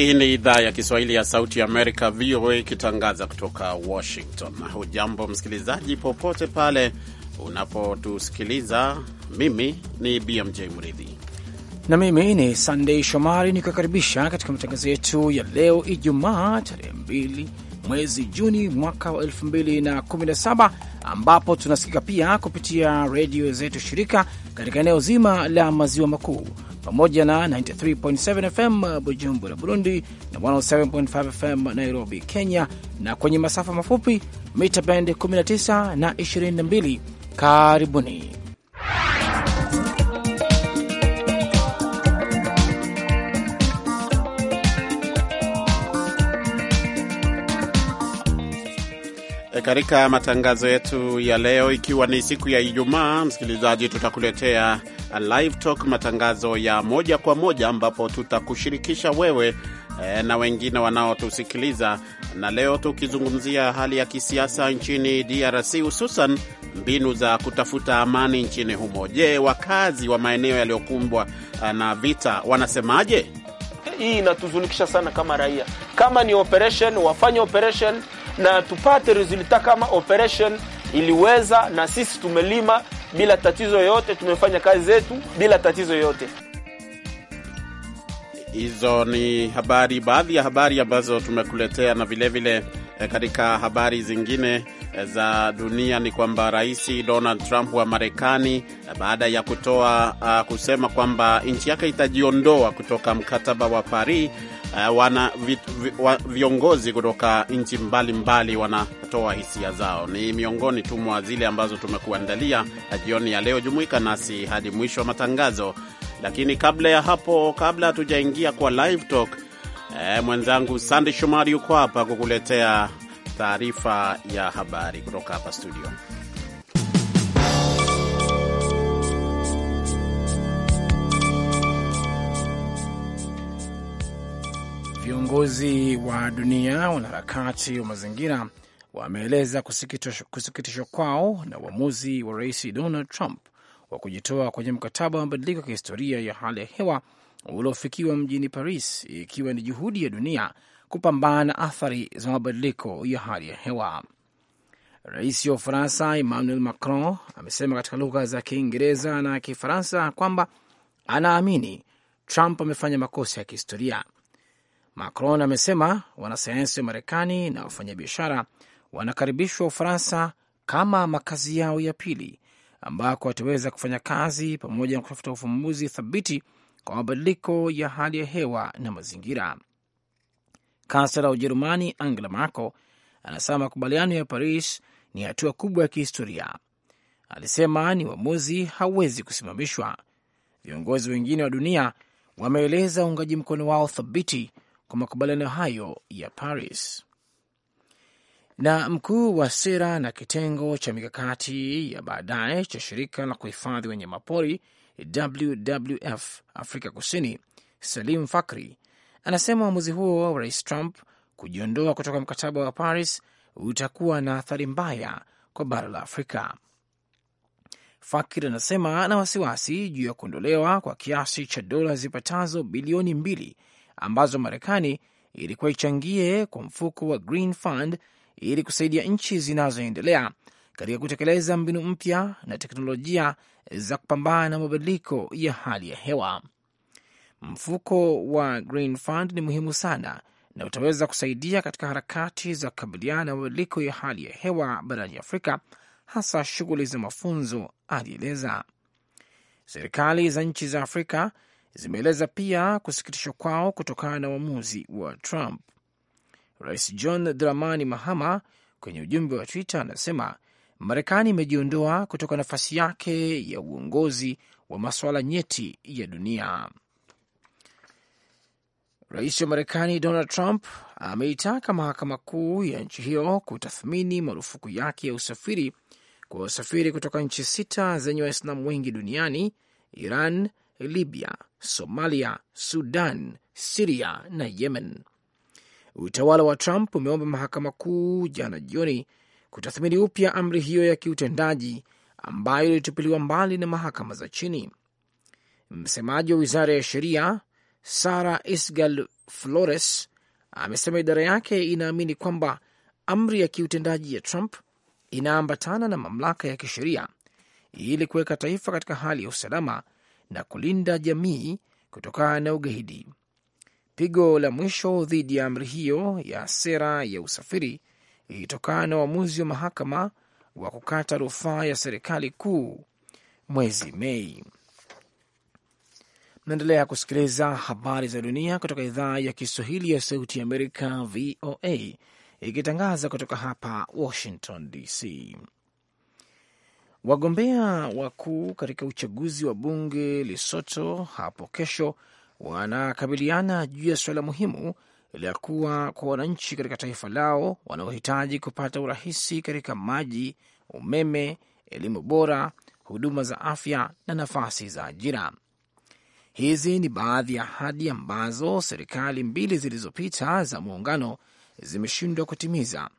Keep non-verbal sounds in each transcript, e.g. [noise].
Hii ni idhaa ya Kiswahili ya Sauti ya Amerika, VOA, ikitangaza kutoka Washington. Hujambo msikilizaji, popote pale unapotusikiliza. Mimi ni BMJ Mridhi na mimi ni Sandei Shomari, nikukaribisha katika matangazo yetu ya leo Ijumaa tarehe 2 mwezi Juni mwaka wa 2017 ambapo tunasikika pia kupitia redio zetu shirika katika eneo zima la maziwa makuu pamoja na 93.7 FM uh, Bujumbura, Burundi na 107.5 FM Nairobi, Kenya, na kwenye masafa mafupi mita bendi 19 na 22. Karibuni. E, katika matangazo yetu ya leo, ikiwa ni siku ya Ijumaa, msikilizaji, tutakuletea live talk, matangazo ya moja kwa moja, ambapo tutakushirikisha wewe e, na wengine wanaotusikiliza, na leo tukizungumzia hali ya kisiasa nchini DRC, hususan mbinu za kutafuta amani nchini humo. Je, wakazi wa maeneo yaliyokumbwa e, na vita wanasemaje? Hii inatuzunikisha sana kama raia. Kama ni operation, wafanye operation na tupate resulta kama operation iliweza, na sisi tumelima bila tatizo yoyote, tumefanya kazi zetu bila tatizo yoyote. Hizo ni habari, baadhi ya habari ambazo tumekuletea, na vilevile vile eh, katika habari zingine eh, za dunia ni kwamba Rais Donald Trump wa Marekani eh, baada ya kutoa uh, kusema kwamba nchi yake itajiondoa kutoka mkataba wa Paris uh, wana vi, vi, wa, viongozi kutoka nchi mbalimbali wanatoa hisia zao. Ni miongoni tu mwa zile ambazo tumekuandalia jioni ya leo. Jumuika nasi hadi mwisho wa matangazo lakini kabla ya hapo, kabla hatujaingia kwa live talk, eh, mwenzangu Sandi Shomari yuko hapa kukuletea taarifa ya habari kutoka hapa studio. Viongozi wa dunia, wanaharakati wa mazingira wameeleza kusikitishwa kwao na uamuzi wa rais Donald Trump wa kujitoa kwenye mkataba wa mabadiliko ya kihistoria ya hali ya hewa uliofikiwa mjini Paris, ikiwa ni juhudi ya dunia kupambana na athari za mabadiliko ya hali ya hewa. Rais wa Ufaransa Emmanuel Macron amesema katika lugha za Kiingereza na Kifaransa kwamba anaamini Trump amefanya makosa ya kihistoria. Macron amesema wanasayansi wa Marekani na wafanyabiashara wanakaribishwa Ufaransa kama makazi yao ya pili ambako wataweza kufanya kazi pamoja na kutafuta ufumbuzi thabiti kwa mabadiliko ya hali ya hewa na mazingira. Kansela wa Ujerumani Angela Merkel anasema makubaliano ya Paris ni hatua kubwa ya kihistoria. Alisema ni uamuzi hauwezi kusimamishwa. Viongozi wengine wa dunia wameeleza uungaji mkono wao thabiti kwa makubaliano hayo ya Paris. Na mkuu wa sera na kitengo cha mikakati ya baadaye cha shirika la kuhifadhi wanyamapori WWF Afrika Kusini, Salim Fakri, anasema uamuzi huo wa Rais Trump kujiondoa kutoka mkataba wa Paris utakuwa na athari mbaya kwa bara la Afrika. Fakir anasema ana wasiwasi juu ya kuondolewa kwa kiasi cha dola zipatazo bilioni mbili ambazo Marekani ilikuwa ichangie kwa mfuko wa Green Fund ili kusaidia nchi zinazoendelea katika kutekeleza mbinu mpya na teknolojia za kupambana na mabadiliko ya hali ya hewa. Mfuko wa Green Fund ni muhimu sana na utaweza kusaidia katika harakati za kukabiliana na mabadiliko ya hali ya hewa barani Afrika, hasa shughuli za mafunzo, alieleza. Serikali za nchi za Afrika zimeeleza pia kusikitishwa kwao kutokana na uamuzi wa Trump. Rais John Dramani Mahama kwenye ujumbe wa Twitter anasema Marekani imejiondoa kutoka nafasi yake ya uongozi wa masuala nyeti ya dunia. Rais wa Marekani Donald Trump ameitaka mahakama kuu ya nchi hiyo kutathmini marufuku yake ya usafiri kwa usafiri kutoka nchi sita zenye Waislamu wengi duniani: Iran, Libya, Somalia, Sudan, Siria na Yemen. Utawala wa Trump umeomba mahakama kuu jana jioni kutathmini upya amri hiyo ya kiutendaji ambayo ilitupiliwa mbali na mahakama za chini. Msemaji wa wizara ya sheria Sara Isgal Flores amesema idara yake inaamini kwamba amri ya kiutendaji ya Trump inaambatana na mamlaka ya kisheria ili kuweka taifa katika hali ya usalama na kulinda jamii kutokana na ugaidi. Pigo la mwisho dhidi ya amri hiyo ya sera ya usafiri ilitokana na uamuzi wa mahakama wa kukata rufaa ya serikali kuu mwezi Mei. Naendelea kusikiliza habari za dunia kutoka idhaa ya Kiswahili ya Sauti ya Amerika, VOA, ikitangaza kutoka hapa Washington DC. Wagombea wakuu katika uchaguzi wa bunge lisoto hapo kesho wanakabiliana juu ya suala muhimu la kuwa kwa wananchi katika taifa lao wanaohitaji kupata urahisi katika maji, umeme, elimu bora, huduma za afya na nafasi za ajira. Hizi ni baadhi ya ahadi ambazo serikali mbili zilizopita za muungano zimeshindwa kutimiza,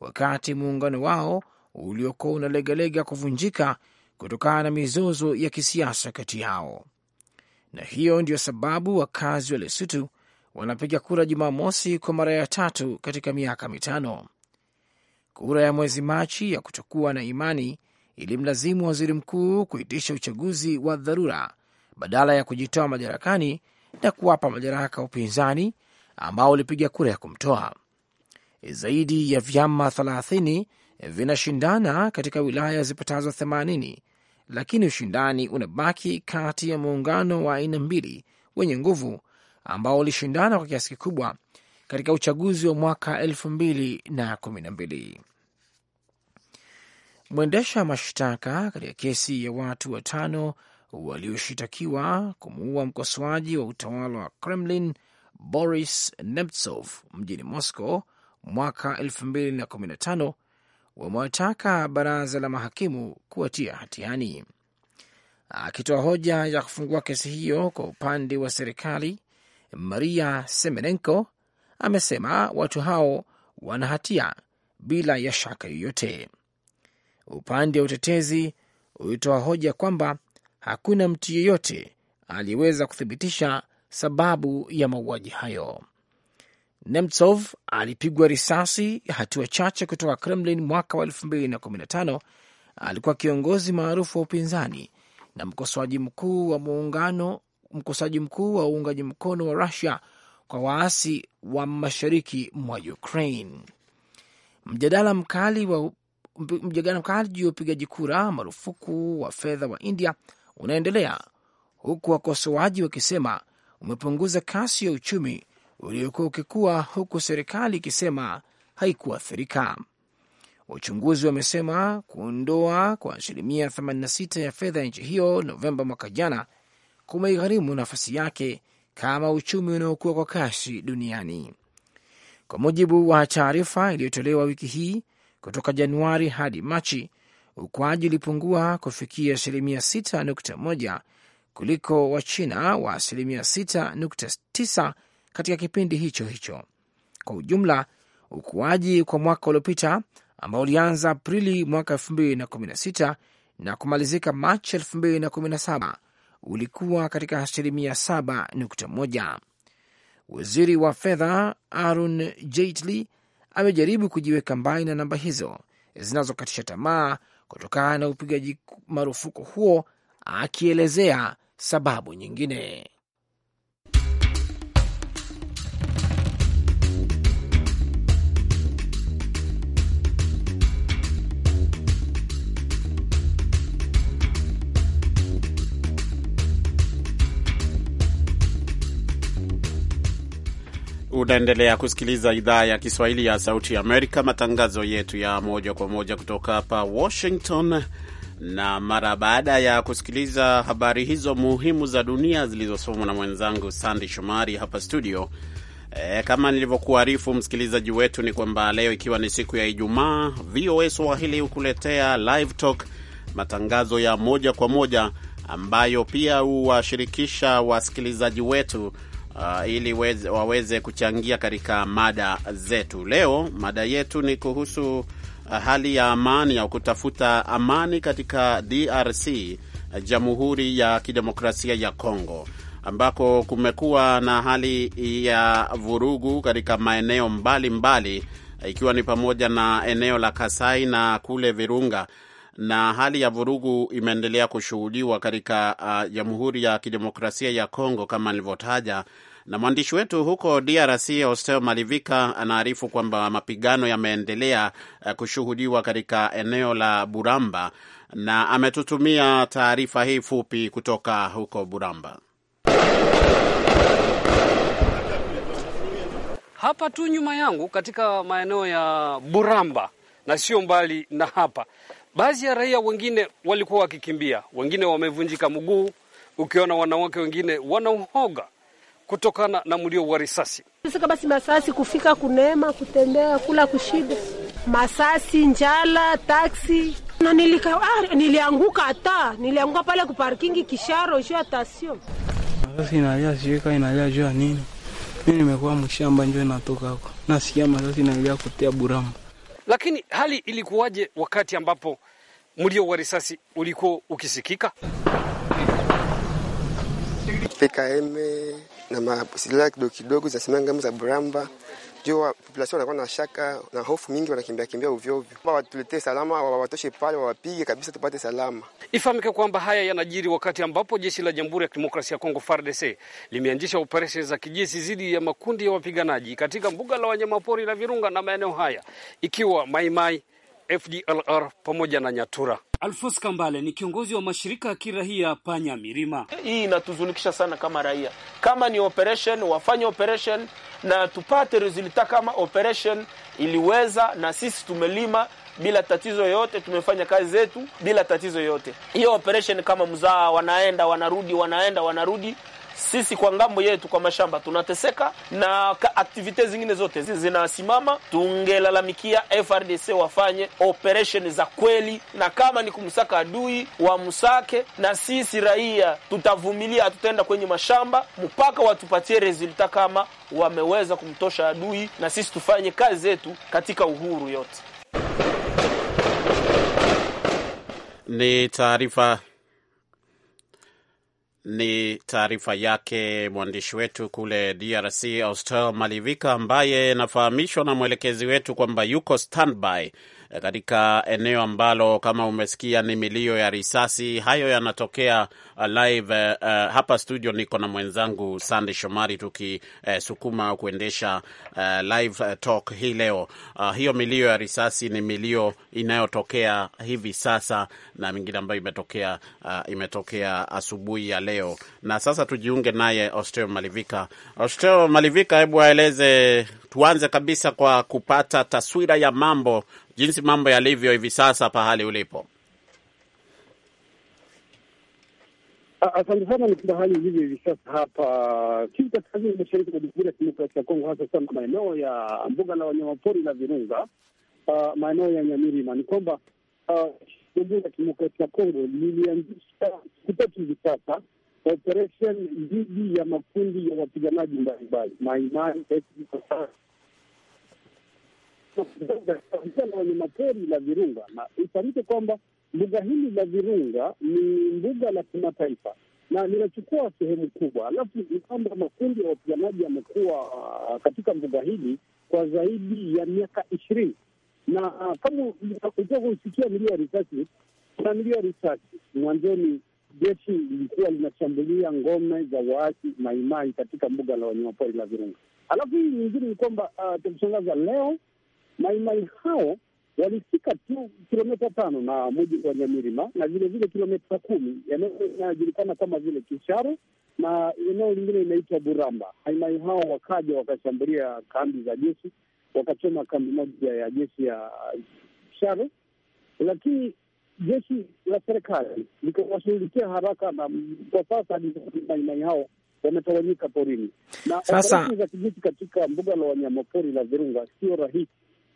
wakati muungano wao uliokuwa unalegalega kuvunjika kutokana na mizozo ya kisiasa kati yao na hiyo ndiyo sababu wakazi wa Lesutu wanapiga kura Jumamosi kwa mara ya tatu katika miaka mitano. Kura ya mwezi Machi ya kutokuwa na imani ilimlazimu waziri mkuu kuitisha uchaguzi wa dharura badala ya kujitoa madarakani na kuwapa madaraka upinzani ambao ulipiga kura ya kumtoa. Zaidi ya vyama 30 vinashindana katika wilaya zipatazo 80 lakini ushindani unabaki kati ya muungano wa aina mbili wenye nguvu ambao ulishindana kwa kiasi kikubwa katika uchaguzi wa mwaka elfu mbili na kumi na mbili. Mwendesha mashtaka katika kesi ya watu watano walioshitakiwa kumuua mkosoaji wa utawala wa Kremlin Boris Nemtsov mjini Moscow mwaka elfu mbili na kumi na tano wamewataka baraza la mahakimu kuwatia hatiani. Akitoa hoja ya kufungua kesi hiyo kwa upande wa serikali, Maria Semenenko amesema watu hao wana hatia bila ya shaka yoyote. Upande wa utetezi ulitoa hoja kwamba hakuna mtu yeyote aliyeweza kuthibitisha sababu ya mauaji hayo. Nemtsov alipigwa risasi hatua chache kutoka Kremlin mwaka wa 2015. Alikuwa kiongozi maarufu wa upinzani na mkosoaji mkuu wa muungano, mkosoaji mkuu wa uungaji mkono wa Rusia kwa waasi wa mashariki mwa Ukraine. Mjadala mkali wa mjadala mkali juu ya upigaji kura marufuku wa fedha wa India unaendelea huku wakosoaji wakisema umepunguza kasi ya uchumi uliokuwa ukikua huku serikali ikisema haikuathirika. Wachunguzi wamesema kuondoa kwa asilimia 86 ya fedha ya nchi hiyo Novemba mwaka jana kumeigharimu nafasi yake kama uchumi unaokuwa kwa kasi duniani. Kwa mujibu wa taarifa iliyotolewa wiki hii, kutoka Januari hadi Machi, ukuaji ulipungua kufikia asilimia 6.1 kuliko Wachina wa asilimia 6.9 katika kipindi hicho hicho. Kwa ujumla, ukuaji kwa mwaka uliopita ambao ulianza Aprili mwaka 2016 na kumalizika Machi 2017 ulikuwa katika asilimia 7.1. Waziri wa fedha Arun Jaitley amejaribu kujiweka mbali na namba hizo zinazokatisha tamaa kutokana na upigaji marufuku huo, akielezea sababu nyingine. Unaendelea kusikiliza idhaa ya Kiswahili ya Sauti ya Amerika, matangazo yetu ya moja kwa moja kutoka hapa Washington. Na mara baada ya kusikiliza habari hizo muhimu za dunia zilizosomwa na mwenzangu Sandi Shomari hapa studio. E, kama nilivyokuarifu msikilizaji wetu ni kwamba leo ikiwa ni siku ya Ijumaa, VOA Swahili hukuletea Live Talk, matangazo ya moja kwa moja ambayo pia huwashirikisha wasikilizaji wetu uh, ili weze, waweze kuchangia katika mada zetu leo. Mada yetu ni kuhusu uh, hali ya amani au kutafuta amani katika DRC, uh, ah, Jamhuri ya Kidemokrasia ya Kongo ambako kumekuwa na hali ya vurugu katika maeneo mbalimbali mbali, ikiwa ni pamoja na eneo la Kasai na kule Virunga na hali ya vurugu imeendelea kushuhudiwa katika uh, Jamhuri uh, ya, ya Kidemokrasia ya Kongo kama nilivyotaja, na mwandishi wetu huko DRC Hostel Malivika anaarifu kwamba mapigano yameendelea uh, kushuhudiwa katika eneo la Buramba na ametutumia taarifa hii fupi kutoka huko Buramba. Hapa tu nyuma yangu katika maeneo ya Buramba na sio mbali na hapa Baadhi ya raia wengine walikuwa wakikimbia, wengine wamevunjika mguu, ukiona wanawake wengine wanauhoga kutokana na mlio wa risasi. Sika basi masasi kufika, kunema kutembea, kula, kushida, masasi, njala, taksi na nilika, ah, nilianguka hata nilianguka pale kuparkingi kisharo sio hata sio Masasi inalia siweka inalia juu ya nini? Mimi nimekuwa mshamba, njoo natoka huko, nasikia masasi inalia kutia buramu lakini hali ilikuwaje wakati ambapo mlio wa risasi ulikuwa ukisikika? PKM na masilaha kidogo kidogo zinasemanga za buramba juu population wanakuwa na shaka na hofu mingi, wanakimbia kimbia ovyo ovyo. Watuletee salama, wawatoshe pale, wawapige kabisa, tupate salama. Ifahamike kwamba haya yanajiri wakati ambapo jeshi la Jamhuri ya Kidemokrasia ya Kongo FARDC limeanzisha operesheni za kijeshi dhidi ya makundi ya wapiganaji katika mbuga la wanyamapori la Virunga na maeneo haya ikiwa Maimai mai, FDLR pamoja na Nyatura. Alfons Kambale ni kiongozi wa mashirika ya kirahia Panya Milima. Hii inatuzunikisha sana kama raia. Kama ni operation, wafanye operation na tupate resulta kama operation iliweza, na sisi tumelima bila tatizo yoyote, tumefanya kazi zetu bila tatizo yoyote. Hiyo operation kama mzaa, wanaenda wanarudi, wanaenda wanarudi sisi kwa ngambo yetu kwa mashamba tunateseka na aktivite zingine zote zinasimama. Tungelalamikia FRDC wafanye operation za kweli, na kama ni kumsaka adui wamsake, na sisi raia tutavumilia, hatutaenda kwenye mashamba mpaka watupatie resulta kama wameweza kumtosha adui, na sisi tufanye kazi zetu katika uhuru yote. Ni taarifa ni taarifa yake mwandishi wetu kule DRC Austel Malivika, ambaye anafahamishwa na mwelekezi wetu kwamba yuko standby katika eneo ambalo kama umesikia ni milio ya risasi. Hayo yanatokea uh, live uh, hapa studio niko na mwenzangu Sande Shomari tukisukuma uh, kuendesha uh, live uh, talk hii leo. Uh, hiyo milio ya risasi ni milio inayotokea hivi sasa na mingine ambayo imetokea uh, imetokea asubuhi ya leo, na sasa tujiunge naye Osteo Malivika. Osteo Malivika, hebu aeleze, tuanze kabisa kwa kupata taswira ya mambo jinsi mambo yalivyo hivi sasa pahali ulipo? Asante sana. Ni kwamba hali ilivyo hivi sasa hapa Kivu Kaskazini, mashariki mwa Jamhuri ya Kidemokrasia ya Kongo, hasa sana maeneo ya mbuga la wanyamapori la Virunga, maeneo ya Nyamirima, ni kwamba Jamhuri ya Kidemokrasia ya Kongo lilianzisha siku tatu hivi sasa operesheni dhidi ya makundi ya wapiganaji mbalimbali Maimai na mapori la Virunga, na ifahamike kwamba mbuga hili la Virunga ni mbuga la kimataifa na linachukua sehemu kubwa. Alafu ni kwamba makundi ya wapiganaji yamekuwa ah, katika mbuga hili kwa zaidi ya miaka ishirini, na ah, kama utakavyosikia milio ya risasi, kuna milio ya risasi. Mwanzoni jeshi lilikuwa linashambulia ngome za waasi Maimai katika mbuga la wanyamapori la Virunga. Alafu hii nyingine ni kwamba uh, ah, takushangaza leo Maimai hao walifika tu kilomita tano na mji wa Nyamirima na vilevile kilomita kumi eneo inayojulikana kama vile Kisharo na eneo lingine inaitwa Buramba. Maimai hao wakaja wakashambulia kambi za jeshi, wakachoma kambi moja ya jeshi ya Kisharo, lakini jeshi la serikali likawashughulikia haraka, na kwa sasa maimai hao wametawanyika porini, na operesheni za kijeshi katika mbuga la wanyamapori la Virunga sio rahisi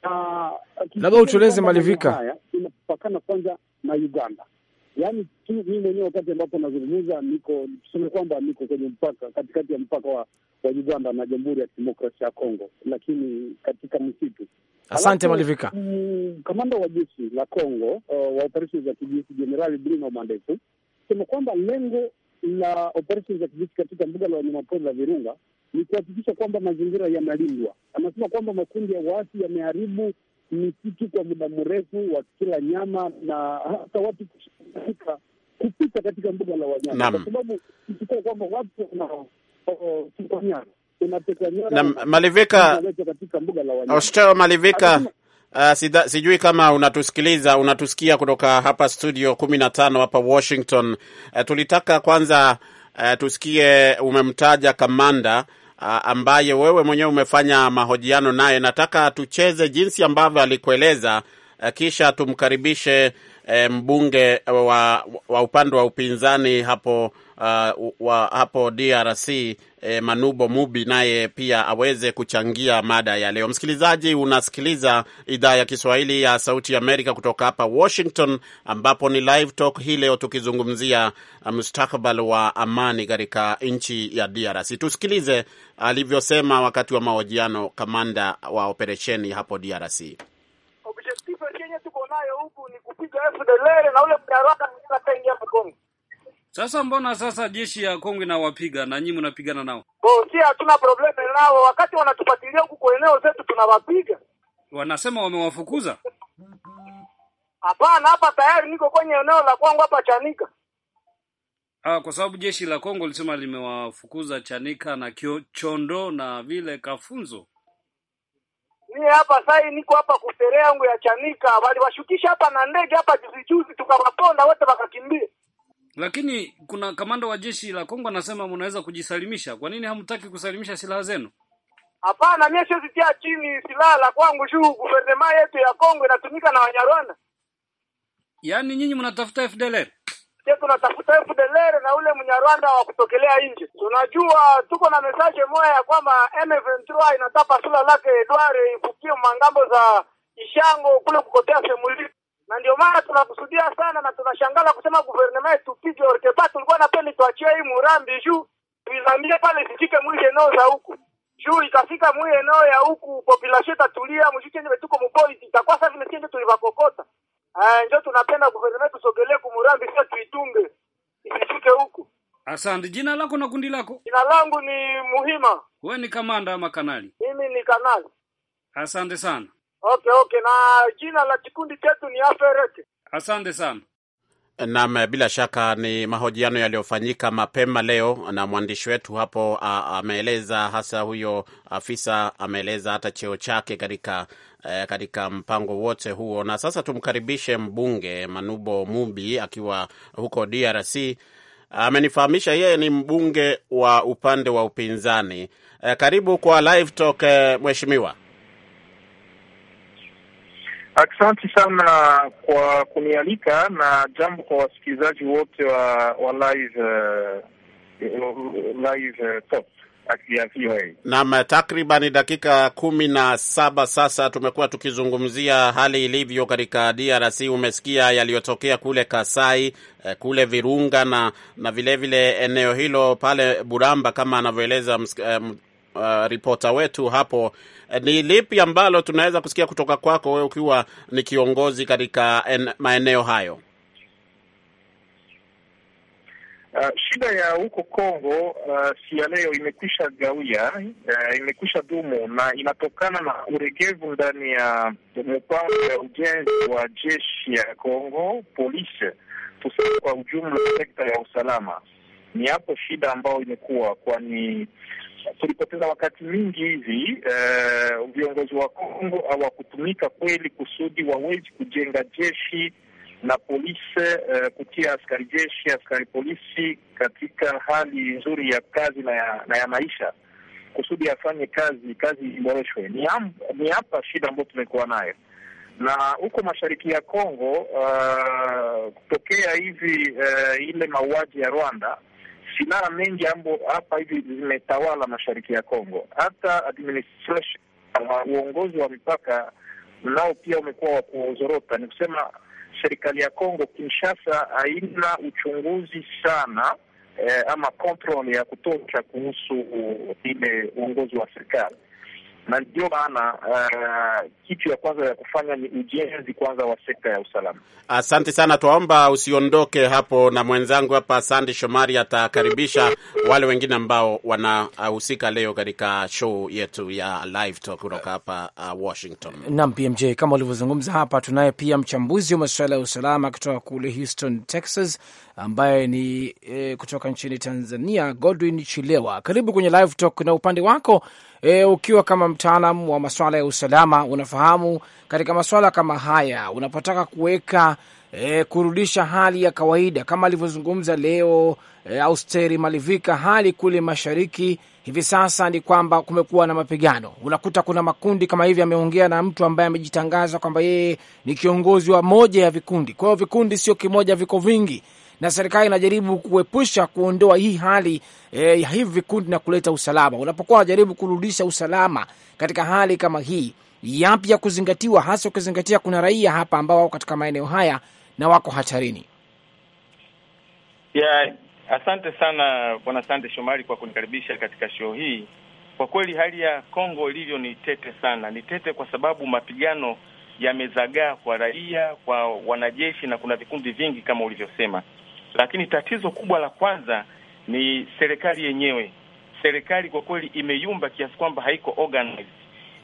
Uh, Labda utueleze Malivika, inapakana kwanza na Uganda. Yaani tu mimi mwenyewe wakati ambapo nazungumza niko tuseme kwamba niko kwenye mpaka katikati ya mpaka wa, wa Uganda na Jamhuri ya Kidemokrasia ya Kongo, lakini katika msitu. Asante Malivika. Mm, kamanda wa jeshi la Kongo uh, wa operesheni za kijeshi Jenerali Bruno Mandefu sema kwamba lengo la operesheni za kijeshi katika mbuga la wanyamapori la Virunga ni kuhakikisha kwamba mazingira yanalindwa. Anasema kwamba makundi ya waasi yameharibu misitu kwa muda mrefu, wakila nyama na hata watu kushika kupita katika mbuga la wanyama, kwa sababu ikikua kwamba watu wanatukanyana oh, Malivika, Australia Malivika, Uh, sida, sijui kama unatusikiliza unatusikia kutoka hapa studio 15 hapa Washington. Uh, tulitaka kwanza uh, tusikie umemtaja kamanda uh, ambaye wewe mwenyewe umefanya mahojiano naye. Nataka tucheze jinsi ambavyo alikueleza uh, kisha tumkaribishe e, mbunge eh, wa, wa upande wa upinzani hapo Uh, wa hapo DRC eh, Manubo Mubi naye pia aweze kuchangia mada ya leo. Msikilizaji, unasikiliza idhaa ya Kiswahili ya Sauti Amerika kutoka hapa Washington, ambapo ni live talk hii leo tukizungumzia uh, mustakabali wa amani katika nchi ya DRC. Tusikilize alivyosema wakati wa mahojiano kamanda wa operesheni hapo DRC. Objective Kenya tuko nayo huku ni na ule mwingine ataingia mkongo. Sasa mbona sasa jeshi ya Kongo inawapiga na nyinyi mnapigana nao? Oh, si hatuna problem nao, wakati wanatufuatilia huku kwa eneo zetu tunawapiga. Wanasema wamewafukuza. Hapana, hapa tayari niko kwenye eneo la Kongo hapa Chanika. Ah, kwa sababu jeshi la Kongo lisema limewafukuza Chanika na Kyo Chondo na vile Kafunzo mie hapa sai niko hapa kusere yangu ya Chanika, waliwashukisha hapa na ndege hapa juzi juzi, tukawaponda wote wakakimbia. Lakini kuna kamanda wa jeshi la Kongo anasema mnaweza kujisalimisha. Kwa nini hamtaki kusalimisha silaha zenu? Hapana, mie siwezi tia chini silaha la kwangu juu guvernema yetu ya Kongo inatumika na Wanyarwanda. Yaani nyinyi mnatafuta FDLR? je, tunatafuta FDLR na ule mnyarwanda wa kutokelea nje. Tunajua tuko na mesaje moja ya kwamba M23 inataka sura lake Edward ifukie mangambo za Ishango kule kukotea semuli, na ndio maana tunakusudia sana na tunashangala kusema guvernema tupige orkeba, tulikuwa napenda tuachie hii murambi juu tuizambie pale zifike mwili eneo za huku juu, ikafika mwi eneo ya huku population itatulia, mshike nyewe tuko itakuwa sasa vile tulivakokota Ah, njo tunapenda guverneme tusogelee kumurambi, sio tuitunge isishuke huku. Asante. Jina lako na kundi lako? Jina langu ni Muhima. Wewe ni kamanda ama kanali? Mimi ni kanali. Asante sana. Okay, okay. Na jina la kikundi chetu ni Aferete. Asante sana. Naam, bila shaka ni mahojiano yaliyofanyika mapema leo na mwandishi wetu hapo. Ameeleza hasa huyo afisa, ameeleza hata cheo chake katika eh, katika mpango wote huo. Na sasa tumkaribishe mbunge Manubo Mubi akiwa huko DRC. Amenifahamisha yeye ni mbunge wa upande wa upinzani. Eh, karibu kwa live talk eh, mheshimiwa. Asante sana kwa kunialika na jambo kwa wasikilizaji wote wa wa live, uh, live uh, talk. Naam, takriban dakika kumi na saba sasa tumekuwa tukizungumzia hali ilivyo katika DRC. Umesikia yaliyotokea kule Kasai, eh, kule Virunga na na vilevile vile eneo hilo pale Buramba, kama anavyoeleza Uh, eh, eh, ripota wetu hapo. Ni lipi ambalo tunaweza kusikia kutoka kwako wewe ukiwa ni kiongozi katika maeneo hayo? Uh, shida ya huko Kongo uh, si ya leo, imekwisha gawia uh, imekwisha dumu na inatokana na uregevu ndani ya mpango ya ujenzi wa jeshi ya Kongo polisi, tuseme kwa ujumla sekta ya usalama. Ni hapo shida ambayo imekuwa, kwani tulipoteza wakati mingi hivi. Uh, viongozi wa Kongo hawakutumika kweli kusudi wawezi kujenga jeshi na polisi uh, kutia askari jeshi, askari polisi katika hali nzuri ya kazi na ya, na ya maisha kusudi afanye kazi, kazi iboreshwe. Ni hapa shida ambayo tumekuwa nayo na huko mashariki ya Kongo uh, kutokea hivi uh, ile mauaji ya Rwanda, silaha mengi ambo hapa hivi zimetawala mashariki ya Kongo. Hata administration uh, uongozi wa mipaka nao pia umekuwa wa kuzorota, ni kusema serikali ya Kongo Kinshasa haina uchunguzi sana eh, ama control ya kutosha kuhusu eh, ile uongozi wa serikali na ndio maana uh, kitu ya kwanza ya kufanya ni ujenzi kwanza wa sekta ya usalama. Asante sana, twaomba usiondoke hapo, na mwenzangu hapa Sandi Shomari atakaribisha wale wengine ambao wanahusika leo katika show yetu ya live talk kutoka hapa uh, Washington. Naam, PMJ, kama ulivyozungumza hapa, tunaye pia mchambuzi wa masuala ya usalama kutoka kule Houston, Texas, ambaye ni eh, kutoka nchini Tanzania, Godwin Chilewa. Karibu kwenye live talk, na upande wako e, ukiwa kama mtaalam wa masuala ya usalama unafahamu katika masuala kama haya unapotaka kuweka e, kurudisha hali ya kawaida kama alivyozungumza leo e, Austeri Malivika, hali kule mashariki hivi sasa ni kwamba kumekuwa na mapigano, unakuta kuna makundi kama hivi. Ameongea na mtu ambaye amejitangaza kwamba yeye ni kiongozi wa moja ya vikundi, kwa hiyo vikundi sio kimoja, viko vingi na serikali inajaribu kuepusha kuondoa hii hali eh, ya hivi vikundi na kuleta usalama. Unapokuwa unajaribu kurudisha usalama katika hali kama hii, yapi ya kuzingatiwa, hasa ukizingatia kuna raia hapa ambao wako katika maeneo haya na wako hatarini? Yeah, asante sana Bwana Sande Shomari kwa kunikaribisha katika show hii. Kwa kweli hali ya Kongo ilivyo ni tete sana, ni tete kwa sababu mapigano yamezagaa kwa raia, kwa wanajeshi na kuna vikundi vingi kama ulivyosema. Lakini tatizo kubwa la kwanza ni serikali yenyewe. Serikali kwa kweli imeyumba kiasi kwamba haiko organized,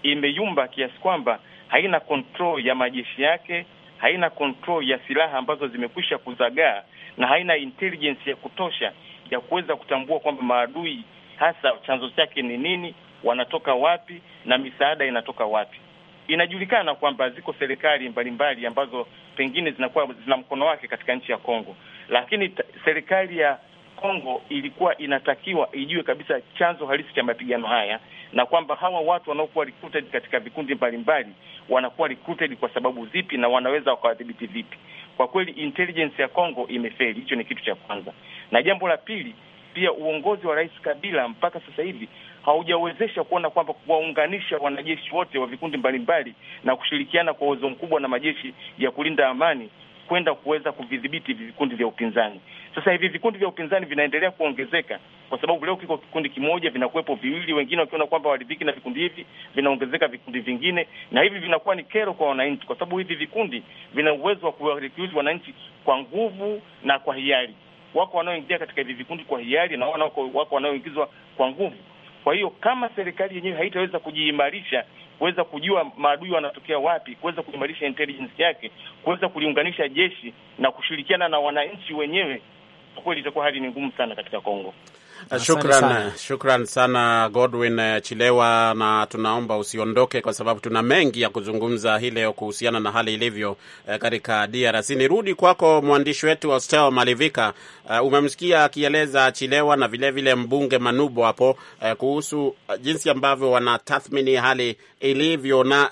imeyumba kiasi kwamba haina control ya majeshi yake, haina control ya silaha ambazo zimekwisha kuzagaa, na haina intelligence ya kutosha ya kuweza kutambua kwamba maadui hasa chanzo chake ni nini, wanatoka wapi, na misaada inatoka wapi. Inajulikana kwamba ziko serikali mbalimbali ambazo pengine zinakuwa zina mkono wake katika nchi ya Kongo, lakini serikali ya Kongo ilikuwa inatakiwa ijue kabisa chanzo halisi cha mapigano haya na kwamba hawa watu wanaokuwa recruited katika vikundi mbalimbali wanakuwa recruited kwa sababu zipi na wanaweza wakawadhibiti vipi. Kwa kweli intelligence ya Kongo imefeli, hicho ni kitu cha kwanza. Na jambo la pili, pia uongozi wa Rais Kabila mpaka sasa hivi haujawezesha kuona kwamba kuwaunganisha wanajeshi wote wa vikundi mbalimbali na kushirikiana kwa uwezo mkubwa na majeshi ya kulinda amani kwenda kuweza kuvidhibiti vikundi vya upinzani. Sasa hivi vikundi vya upinzani vinaendelea kuongezeka, kwa sababu leo kiko kikundi kimoja, vinakuwepo viwili, wengine wakiona kwamba waridhiki na vikundi hivi, vinaongezeka vikundi vingine, na hivi vinakuwa ni kero kwa wananchi, kwa sababu hivi vikundi vina uwezo wa kuwarekruti wananchi kwa nguvu na kwa hiari. Wako wanaoingia katika hivi vikundi kwa hiari na wako wanaoingizwa kwa nguvu. Kwa hiyo kama serikali yenyewe haitaweza kujiimarisha kuweza kujua maadui wanatokea wapi, kuweza kuimarisha intelligence yake, kuweza kuliunganisha jeshi na kushirikiana na wananchi wenyewe, kwa kweli itakuwa hali ni ngumu sana katika Kongo. Shukran sana. Shukran sana Godwin eh, Chilewa, na tunaomba usiondoke kwa sababu tuna mengi ya kuzungumza hii leo kuhusiana na hali ilivyo eh, katika DRC. Nirudi kwako mwandishi wetu Austel Malivika. Uh, umemsikia akieleza Chilewa na vilevile vile mbunge Manubo hapo eh, kuhusu eh, jinsi ambavyo wanatathmini hali ilivyo, na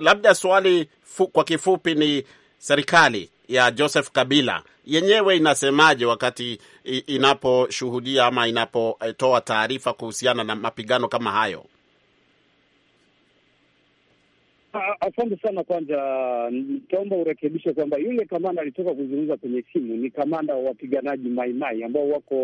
labda swali fu, kwa kifupi ni serikali ya Joseph Kabila yenyewe inasemaje wakati inaposhuhudia ama inapotoa taarifa kuhusiana na mapigano kama hayo? Asante sana. Kwanza nitaomba urekebishe kwamba yule kamanda alitoka kuzungumza kwenye simu ni kamanda wa wapiganaji Maimai ambao wako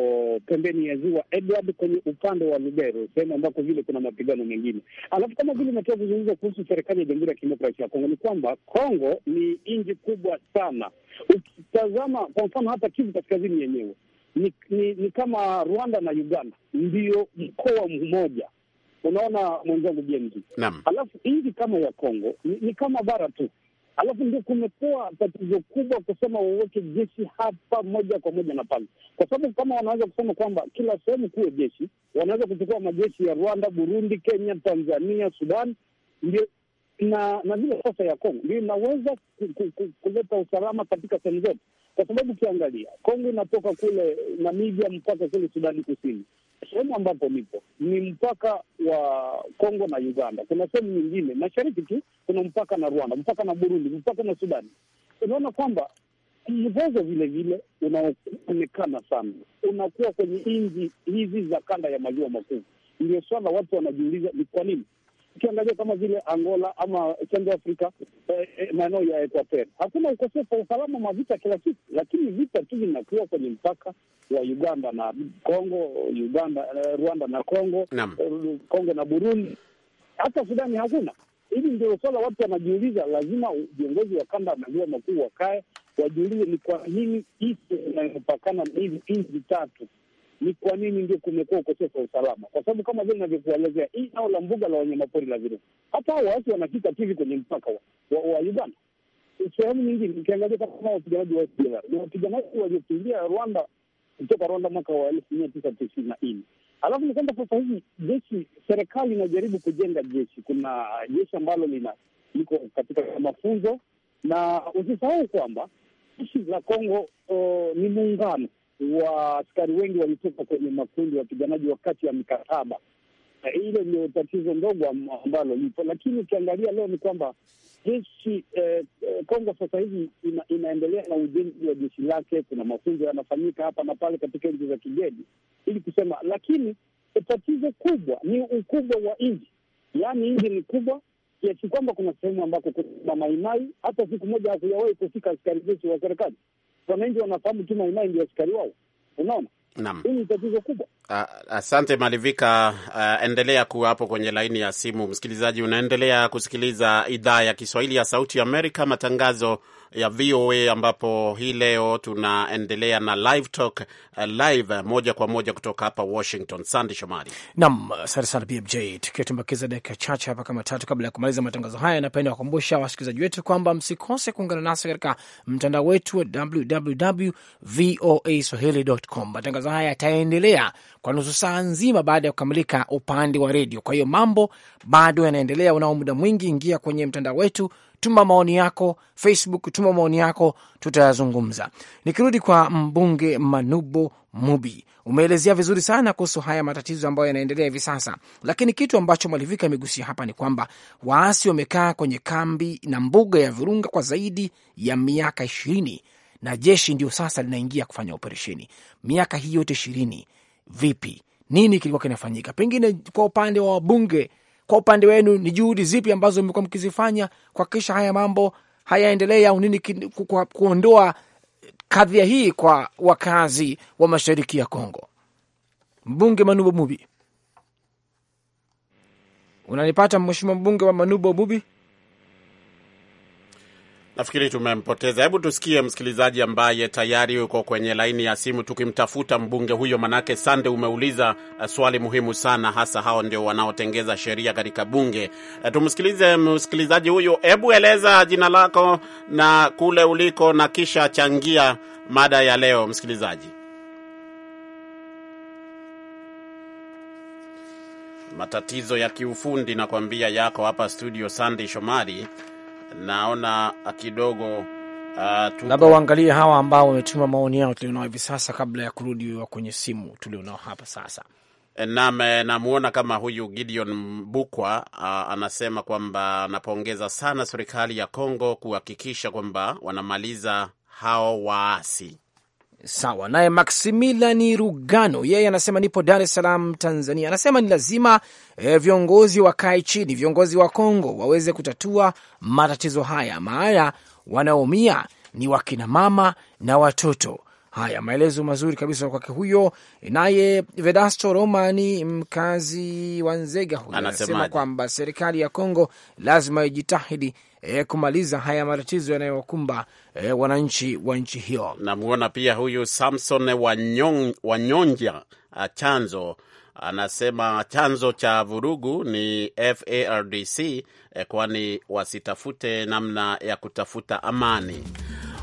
pembeni ya ziwa Edward kwenye upande wa Lubero, sehemu ambako vile kuna mapigano mengine. Alafu kama vile natoka kuzungumza kuhusu serikali ya Jamhuri ya Kidemokrasia ya Kongo ni kwamba Kongo ni nchi kubwa sana. Ukitazama kwa mfano hata Kivu Kaskazini yenyewe ni, ni, ni kama Rwanda na Uganda ndio mkoa mmoja Unaona mwenzangu James, Alafu nchi kama ya Kongo ni, ni kama bara tu, alafu ndio kumekuwa tatizo kubwa kusema waweke jeshi hapa moja kwa moja na pale, kwa sababu kama wanaweza kusema kwamba kila sehemu kuwe jeshi, wanaweza kuchukua majeshi ya Rwanda, Burundi, Kenya, Tanzania, Sudan ndio na na vile sasa ya Kongo ndio inaweza kuleta usalama katika sehemu zote, kwa sababu ukiangalia Kongo inatoka kule Namibia mpaka kule Sudani Kusini, sehemu ambapo nipo ni mpaka wa Kongo na Uganda. Kuna sehemu nyingine mashariki tu, kuna mpaka na Rwanda, mpaka na Burundi, mpaka na Sudani. Unaona kwamba mzozo vile vile unaonekana sana unakuwa kwenye nchi hizi za kanda ya maziwa makuu. Ndio swala watu wanajiuliza ni kwa nini ukiangalia kama vile Angola ama Central Africa, eh, eh, maeneo ya Equateur hakuna ukosefu wa usalama, mavita kila siku, lakini vita tu vinakuwa kwenye mpaka wa Uganda na Congo, Uganda eh, Rwanda na Congo eh, Congo na Burundi, hata Sudani hakuna. Hili ndio swala watu wanajiuliza. Lazima viongozi wa kanda maziwa makuu wakae wajiulize, ni kwa nini nchi inayopakana na hizi nchi tatu ni kwa nini ndio kumekuwa ukosefu wa usalama, kwa sababu kama vile inavyokuelezea hii nao la mbuga la wanyamapori la Virunga, hata hao watu wanapita hivi kwenye mpaka wa, wa, wa Uganda. Sehemu nyingine ukiangalia kama wapiganaji wa FDLR ni wapiganaji waliokimbia Rwanda kutoka Rwanda mwaka wa elfu mia tisa tisini na nne. Alafu ni kwamba sasa hivi jeshi, serikali inajaribu kujenga jeshi. Kuna jeshi ambalo lina liko katika mafunzo, na usisahau kwamba jeshi la Kongo uh, ni muungano waaskari wengi walitoka kwenye makundi ya wapiganaji wakati ya mikataba. Hilo ndio tatizo ndogo ambalo lipo, lakini ukiangalia leo ni kwamba jeshi eh, eh, Kongo sasa hivi ina, inaendelea na ujenzi wa jeshi lake. Kuna mafunzo yanafanyika hapa na pale katika nchi za kigeni ili kusema, lakini tatizo kubwa ni ukubwa wa nchi, yaani nchi ni kubwa kiasi kwamba kuna sehemu ambako kuna maimai. Hata siku moja hakuyawahi kufika askari jeshi wa serikali wananchi wanafahamu tu Maimai ndio askari wao, unaona Naam. ni tatizo kubwa. Asante Malivika. Uh, endelea kuwa hapo kwenye laini ya simu. Msikilizaji, unaendelea kusikiliza idhaa ya Kiswahili ya Sauti ya Amerika, matangazo ya VOA, ambapo hii leo tunaendelea na live talk, uh, live moja kwa moja kutoka hapa Washington. Sande Shomari. Naam, asante sana BMJ. tumebakiza dakika chache hapa kama tatu kabla ya kumaliza matangazo haya, napenda wakumbusha wasikilizaji wetu kwamba msikose kuungana nasi katika mtandao wetu wa www swahili.com matangazo haya yataendelea kwa nusu saa nzima baada ya kukamilika upande wa redio. Kwa hiyo mambo bado yanaendelea, unao muda mwingi. Ingia kwenye mtandao wetu, tuma maoni yako Facebook, tuma maoni yako, tutayazungumza. Nikirudi kwa mbunge Manubo Mubi, umeelezea vizuri sana kuhusu haya matatizo ambayo yanaendelea hivi sasa, lakini kitu ambacho Mwalivika amegusia hapa ni kwamba waasi wamekaa kwenye kambi na mbuga ya Virunga kwa zaidi ya miaka ishirini na jeshi ndio sasa linaingia kufanya operesheni. Miaka hii yote ishirini, vipi, nini kilikuwa kinafanyika? Pengine kwa upande wa wabunge, kwa upande wenu ni juhudi zipi ambazo mmekuwa mkizifanya kuhakikisha haya mambo hayaendelei, au nini kuondoa kadhia hii kwa wakazi wa mashariki ya Kongo? Mbunge Manubo Mubi, unanipata mheshimiwa mbunge wa Manubo Mubi? Nafikiri tumempoteza. Hebu tusikie msikilizaji ambaye tayari yuko kwenye laini ya simu, tukimtafuta mbunge huyo, manake Sande, umeuliza eh, swali muhimu sana, hasa hao ndio wanaotengeza sheria katika bunge. Eh, tumsikilize msikilizaji huyo. Hebu eleza jina lako na kule uliko, na kisha changia mada ya leo, msikilizaji. Matatizo ya kiufundi nakwambia yako hapa studio, Sande Shomari naona kidogo Uh, labda uangalie hawa ambao wametuma maoni yao tulionao hivi sasa, kabla ya kurudi kwenye simu tulionao hapa sasa. Eh, naam, eh, namuona kama huyu Gideon Bukwa uh, ah, anasema kwamba anapongeza sana serikali ya Kongo kuhakikisha kwamba wanamaliza hao waasi Sawa naye Maximilani Rugano yeye anasema nipo Dar es Salaam, Tanzania. Anasema ni lazima eh, viongozi wakae chini, viongozi wa Kongo waweze kutatua matatizo haya, maana wanaumia ni wakina mama na watoto. Haya, maelezo mazuri kabisa kwake huyo. Naye Vedasto Romani, mkazi wa Nzega, huyo anasema kwamba serikali ya Kongo lazima ijitahidi e, kumaliza haya matatizo yanayowakumba e, wananchi wa nchi hiyo. Namuona pia huyu Samson Wanyong, Wanyonja chanzo anasema chanzo cha vurugu ni FARDC, e, kwani wasitafute namna ya kutafuta amani.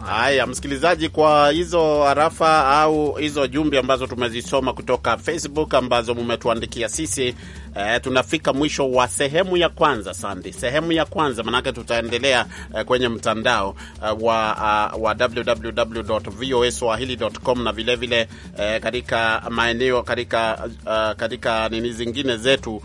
Haya, msikilizaji, kwa hizo harafa au hizo jumbe ambazo tumezisoma kutoka Facebook ambazo mumetuandikia sisi eh, tunafika mwisho wa sehemu ya kwanza Sandi, sehemu ya kwanza manake tutaendelea eh, kwenye mtandao eh, wa, uh, wa www.voaswahili.com na vilevile vile, eh, katika maeneo katika, uh, katika nini zingine zetu uh,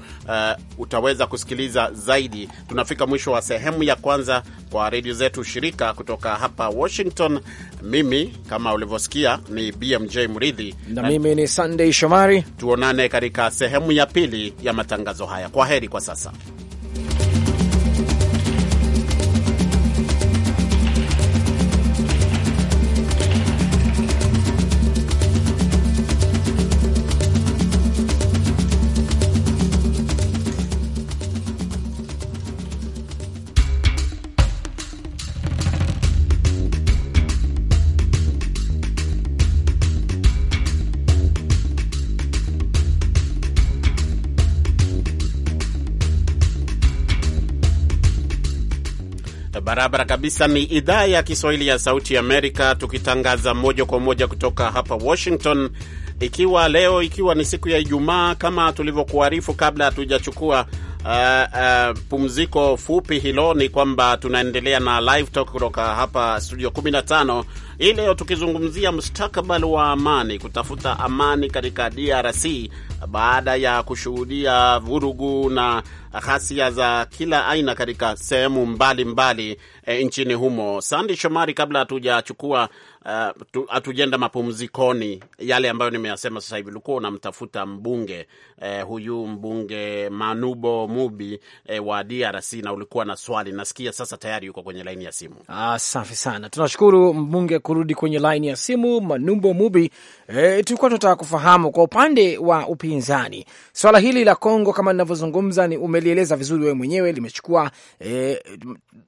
utaweza kusikiliza zaidi. Tunafika mwisho wa sehemu ya kwanza kwa redio zetu shirika kutoka hapa Washington. Mimi kama ulivyosikia ni BMJ Mridhi na mimi ni Sandey Shomari. Tuonane katika sehemu ya pili ya matangazo haya. Kwa heri kwa sasa. Barabara kabisa. Ni idhaa ya Kiswahili ya Sauti Amerika, tukitangaza moja kwa moja kutoka hapa Washington, ikiwa leo, ikiwa ni siku ya Ijumaa, kama tulivyokuarifu kabla hatujachukua uh, uh, pumziko fupi hilo, ni kwamba tunaendelea na live talk kutoka hapa studio 15 hii leo, tukizungumzia mustakabali wa amani, kutafuta amani katika DRC baada ya kushuhudia vurugu na ghasia za kila aina katika sehemu mbalimbali e, eh, nchini humo. Sandi Shomari, kabla hatujachukua eh, hatujenda uh, mapumzikoni yale ambayo nimeyasema sasa hivi, ulikuwa unamtafuta mbunge eh, huyu mbunge Manubo Mubi eh, wa DRC na ulikuwa na swali, nasikia sasa tayari yuko kwenye laini ya simu. Ah, safi sana, tunashukuru mbunge kurudi kwenye laini ya simu. Manubo Mubi, eh, tulikuwa tunataka kufahamu kwa upande wa upinzani swala hili la Kongo kama ninavyozungumza ni ume umelieleza vizuri wewe mwenyewe, limechukua e,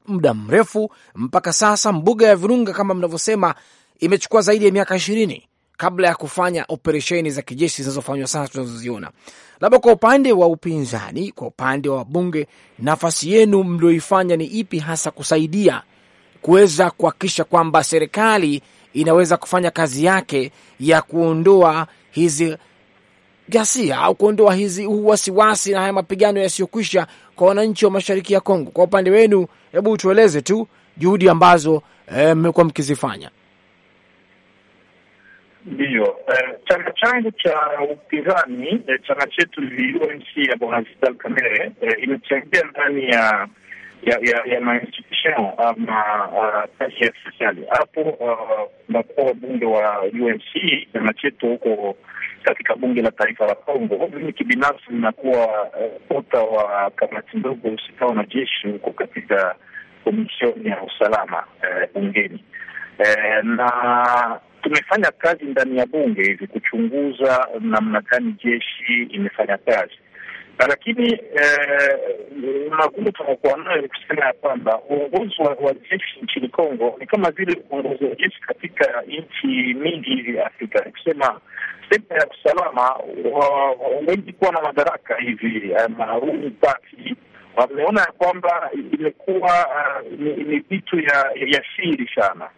muda mrefu. Mpaka sasa mbuga ya Virunga kama mnavyosema imechukua zaidi ya miaka ishirini kabla ya kufanya operesheni za kijeshi zinazofanywa sasa tunazoziona. Labda kwa upande wa upinzani, kwa upande wa bunge nafasi yenu mlioifanya ni ipi hasa kusaidia kuweza kuhakikisha kwamba serikali inaweza kufanya kazi yake ya kuondoa hizi ghasia au kuondoa hizi huu wasiwasi na haya mapigano yasiyokwisha kwa wananchi wa mashariki ya Kongo? Kwa upande wenu, hebu tueleze tu juhudi ambazo eh, mmekuwa eh, mkizifanya. Ndiyo, eh, chama changu cha upinzani, eh, chama chetu ya Bwana Vital Kamerhe imechangia ndani ya ya ya, ya mainstitution ama um, uh, kazi ya serikali hapo. Mkuu uh, wa bunge wa UNC chama chetu huko katika bunge la taifa la Kongo, mimi kibinafsi ninakuwa kota uh, wa kamati ndogo usikao na jeshi huko katika komisioni ya usalama bungeni, eh, na tumefanya kazi ndani ya bunge hivi kuchunguza namna gani jeshi imefanya kazi Ah, lakini eh, magumu anakuwa nayo ni kusema ya kwamba uongozi wa jeshi nchini Kongo ni kama vile uongozi wa jeshi katika nchi mingi hivi Afrika, ni kusema sekta ya usalama wengi kuwa na madaraka hivi maarumu eh, pati wameona ya kwamba imekuwa eh, ni vitu ya siri sana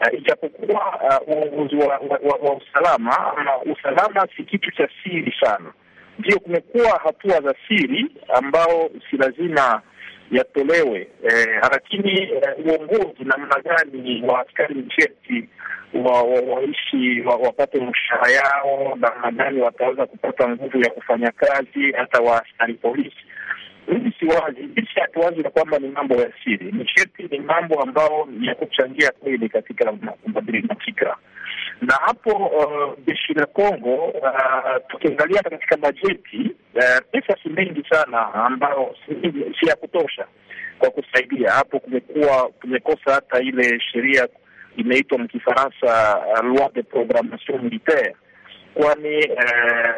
eh, ijapokuwa uongozi wa usalama ama usalama si kitu cha siri sana ndio kumekuwa hatua za siri ambao si lazima yatolewe, eh, lakini eh, uongozi eh, namna gani wa askari mcheti waishi wa, wapate mshahara yao, namna gani wataweza kupata nguvu ya kufanya kazi, hata waaskari polisi hili si wazi, hili hatuwazi ya kwamba ni mambo ya siri, ni sheti, ni mambo ambao ni ya kuchangia kweli katika kubadili mafikra. Na hapo uh, jeshi uh, la Kongo uh, tukiangalia katika bajeti uh, pesa si mengi sana, ambayo si ya kutosha kwa kusaidia hapo. Kumekuwa kumekosa hata ile sheria imeitwa mkifaransa uh, loi de programmation militaire kwani eh,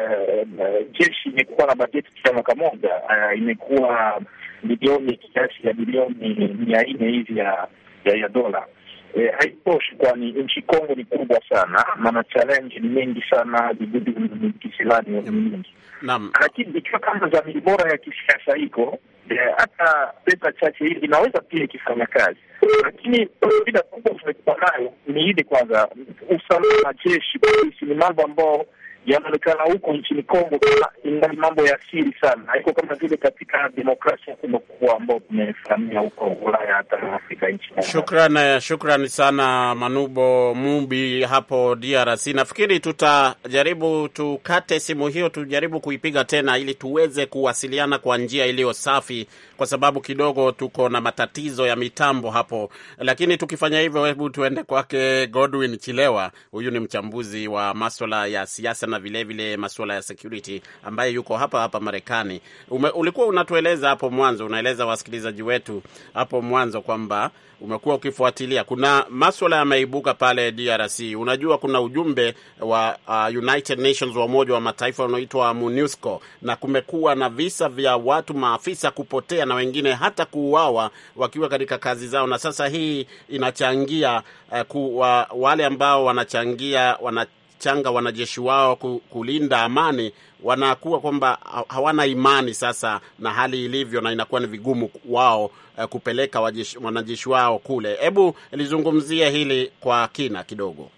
eh, jeshi imekuwa na bajeti kila mwaka moja eh, imekuwa bilioni kiasi ya bilioni mia nne hivi ya, ya, ya dola haitoshi, kwani nchi Kongo ni kubwa sana, maana challenge ni mengi sana, vigudi ni kisilani ni mingi Naam. Lakini ikiwa kama dhamiri bora ya kisiasa iko eh, hata pesa chache hii inaweza pia ikifanya kazi, lakini shida eh, kubwa tunakuwa nayo ni ile kwanza, usalama, jeshi, polisi ni mambo ambao yanaonekana huko nchini Kongo ingali mambo ya siri sana, haiko kama vile katika demokrasia kubwa kubwa ambayo tumefahamia huko Ulaya hata Afrika nchi. Shukran, eh, shukran sana Manubo Mumbi hapo DRC. Nafikiri tutajaribu tukate simu hiyo, tujaribu kuipiga tena ili tuweze kuwasiliana kwa njia iliyo safi, kwa sababu kidogo tuko na matatizo ya mitambo hapo, lakini tukifanya hivyo, hebu tuende kwake Godwin Chilewa. Huyu ni mchambuzi wa maswala ya siasa na na vilevile masuala ya security ambaye yuko hapa hapa Marekani. Ulikuwa unatueleza hapo mwanzo, unaeleza wasikilizaji wetu hapo mwanzo kwamba umekuwa ukifuatilia kuna maswala yameibuka pale DRC. Unajua kuna ujumbe wa uh, United Nations wa Umoja wa Mataifa unaoitwa MONUSCO, na kumekuwa na visa vya watu maafisa kupotea na wengine hata kuuawa wakiwa katika kazi zao, na sasa hii inachangia uh, ku, wale ambao wanachangia wana, changa wanajeshi wao kulinda amani, wanakuwa kwamba hawana imani sasa na hali ilivyo, na inakuwa ni vigumu wao eh, kupeleka wanajeshi wao kule. Hebu lizungumzie hili kwa kina kidogo.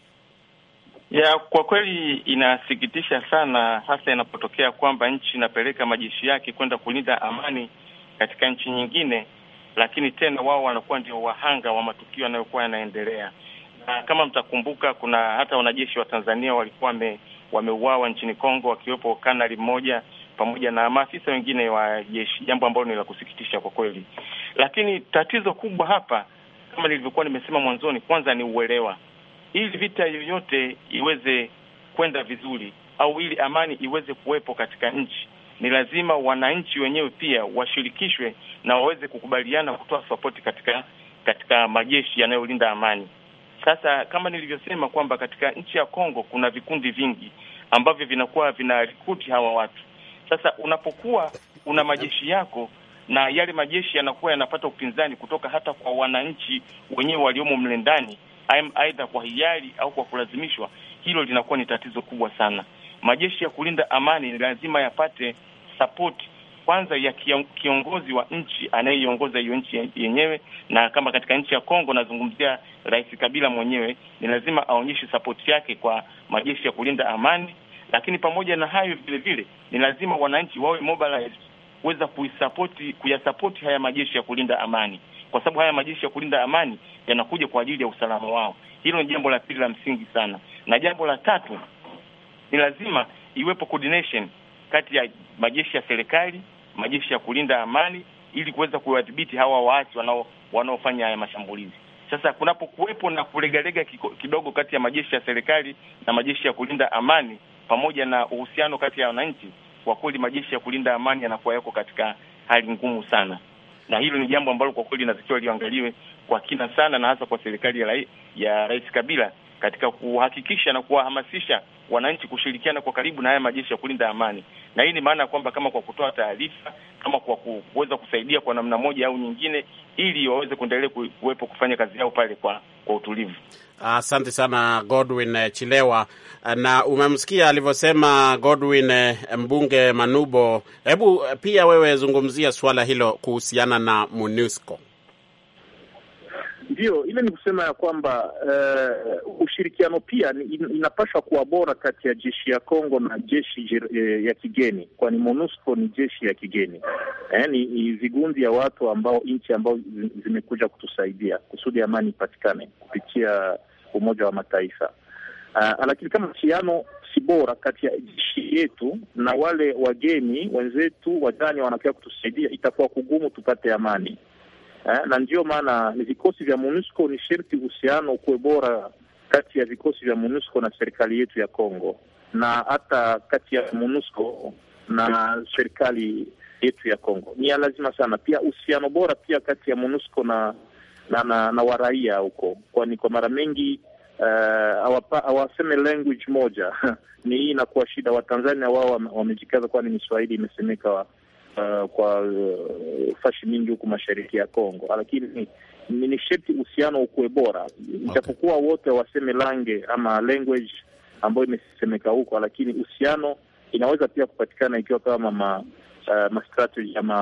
Ya, kwa kweli inasikitisha sana, hasa inapotokea kwamba nchi inapeleka majeshi yake kwenda kulinda amani katika nchi nyingine, lakini tena wao wanakuwa ndio wahanga wa matukio yanayokuwa yanaendelea na kama mtakumbuka, kuna hata wanajeshi wa Tanzania walikuwa wameuawa nchini Kongo, wakiwepo kanali mmoja pamoja na maafisa wengine wa jeshi, jambo ambalo ni la kusikitisha kwa kweli. Lakini tatizo kubwa hapa kama nilivyokuwa nimesema mwanzoni, kwanza ni uelewa, ili vita yoyote iweze kwenda vizuri au ili amani iweze kuwepo katika nchi ni lazima wananchi wenyewe pia washirikishwe na waweze kukubaliana kutoa sapoti katika katika majeshi yanayolinda amani. Sasa kama nilivyosema kwamba katika nchi ya Kongo kuna vikundi vingi ambavyo vinakuwa vinarikuti hawa watu. Sasa unapokuwa una majeshi yako na yale majeshi yanakuwa yanapata upinzani kutoka hata kwa wananchi wenyewe waliomo mle ndani, aidha kwa hiari au kwa kulazimishwa, hilo linakuwa ni tatizo kubwa sana. Majeshi ya kulinda amani lazima yapate sapoti kwanza ya kiongozi wa nchi anayeiongoza hiyo nchi yenyewe, na kama katika nchi ya Kongo nazungumzia Rais Kabila mwenyewe, ni lazima aonyeshe sapoti yake kwa majeshi ya kulinda amani. Lakini pamoja na hayo, vile vile ni lazima wananchi wawe mobilized kuweza kuisapoti, kuyasapoti haya majeshi ya kulinda amani, kwa sababu haya majeshi ya kulinda amani yanakuja kwa ajili ya usalama wao. Hilo ni jambo la pili la msingi sana, na jambo la tatu ni lazima iwepo coordination kati ya majeshi ya serikali majeshi ya kulinda amani ili kuweza kuwadhibiti hawa waasi wanao wanaofanya haya mashambulizi. Sasa kunapokuwepo na kulegalega kidogo kati ya majeshi ya serikali na majeshi ya kulinda amani, pamoja na uhusiano kati ya wananchi, kwa kweli majeshi ya kulinda amani yanakuwa yako katika hali ngumu sana, na hilo ni jambo ambalo kwa kweli linatakiwa liangaliwe kwa kina sana, na hasa kwa serikali ya, ya Rais Kabila katika kuhakikisha na kuwahamasisha wananchi kushirikiana kwa karibu na haya majeshi ya kulinda amani, na hii ni maana ya kwamba kama kwa kutoa taarifa, kama kwa kuweza kusaidia kwa namna moja au nyingine, ili waweze kuendelea kuwepo kufanya kazi yao pale kwa kwa utulivu. Asante sana Godwin Chilewa, na umemsikia alivyosema Godwin mbunge Manubo. Hebu pia wewe zungumzia suala hilo kuhusiana na MONUSCO. Ndiyo, ile ni kusema ya kwamba uh, ushirikiano pia inapaswa kuwa bora kati ya jeshi ya Kongo na jeshi eh, ya kigeni, kwani MONUSCO ni jeshi ya kigeni eh, ni, vigundi ya watu ambao nchi ambao zimekuja kutusaidia kusudi amani ipatikane kupitia Umoja wa Mataifa. Uh, lakini kama uhusiano si bora kati ya jeshi yetu na wale wageni wenzetu, wajani wanakia kutusaidia, itakuwa kugumu tupate amani eh, na ndio maana ni vikosi vya MONUSCO ni sherti uhusiano kuwe bora kati ya vikosi vya MONUSCO na serikali yetu ya congo na hata kati ya MONUSCO na serikali yetu ya congo ni ya lazima sana. Pia uhusiano bora pia kati ya MONUSCO na na, na, na waraia huko, kwani kwa mara mengi eh, hawaseme uh, language moja [laughs] ni hii inakuwa shida. Watanzania wao wamejikaza, kwani Kiswahili imesemeka uh, kwa uh, fashi mingi huku mashariki ya Kongo, lakini ni sharti uhusiano ukuwe bora, ijapokuwa okay, wote waseme lange ama language ambayo imesemeka huko, lakini uhusiano inaweza pia kupatikana ikiwa kama ma Uh, mastrateji ama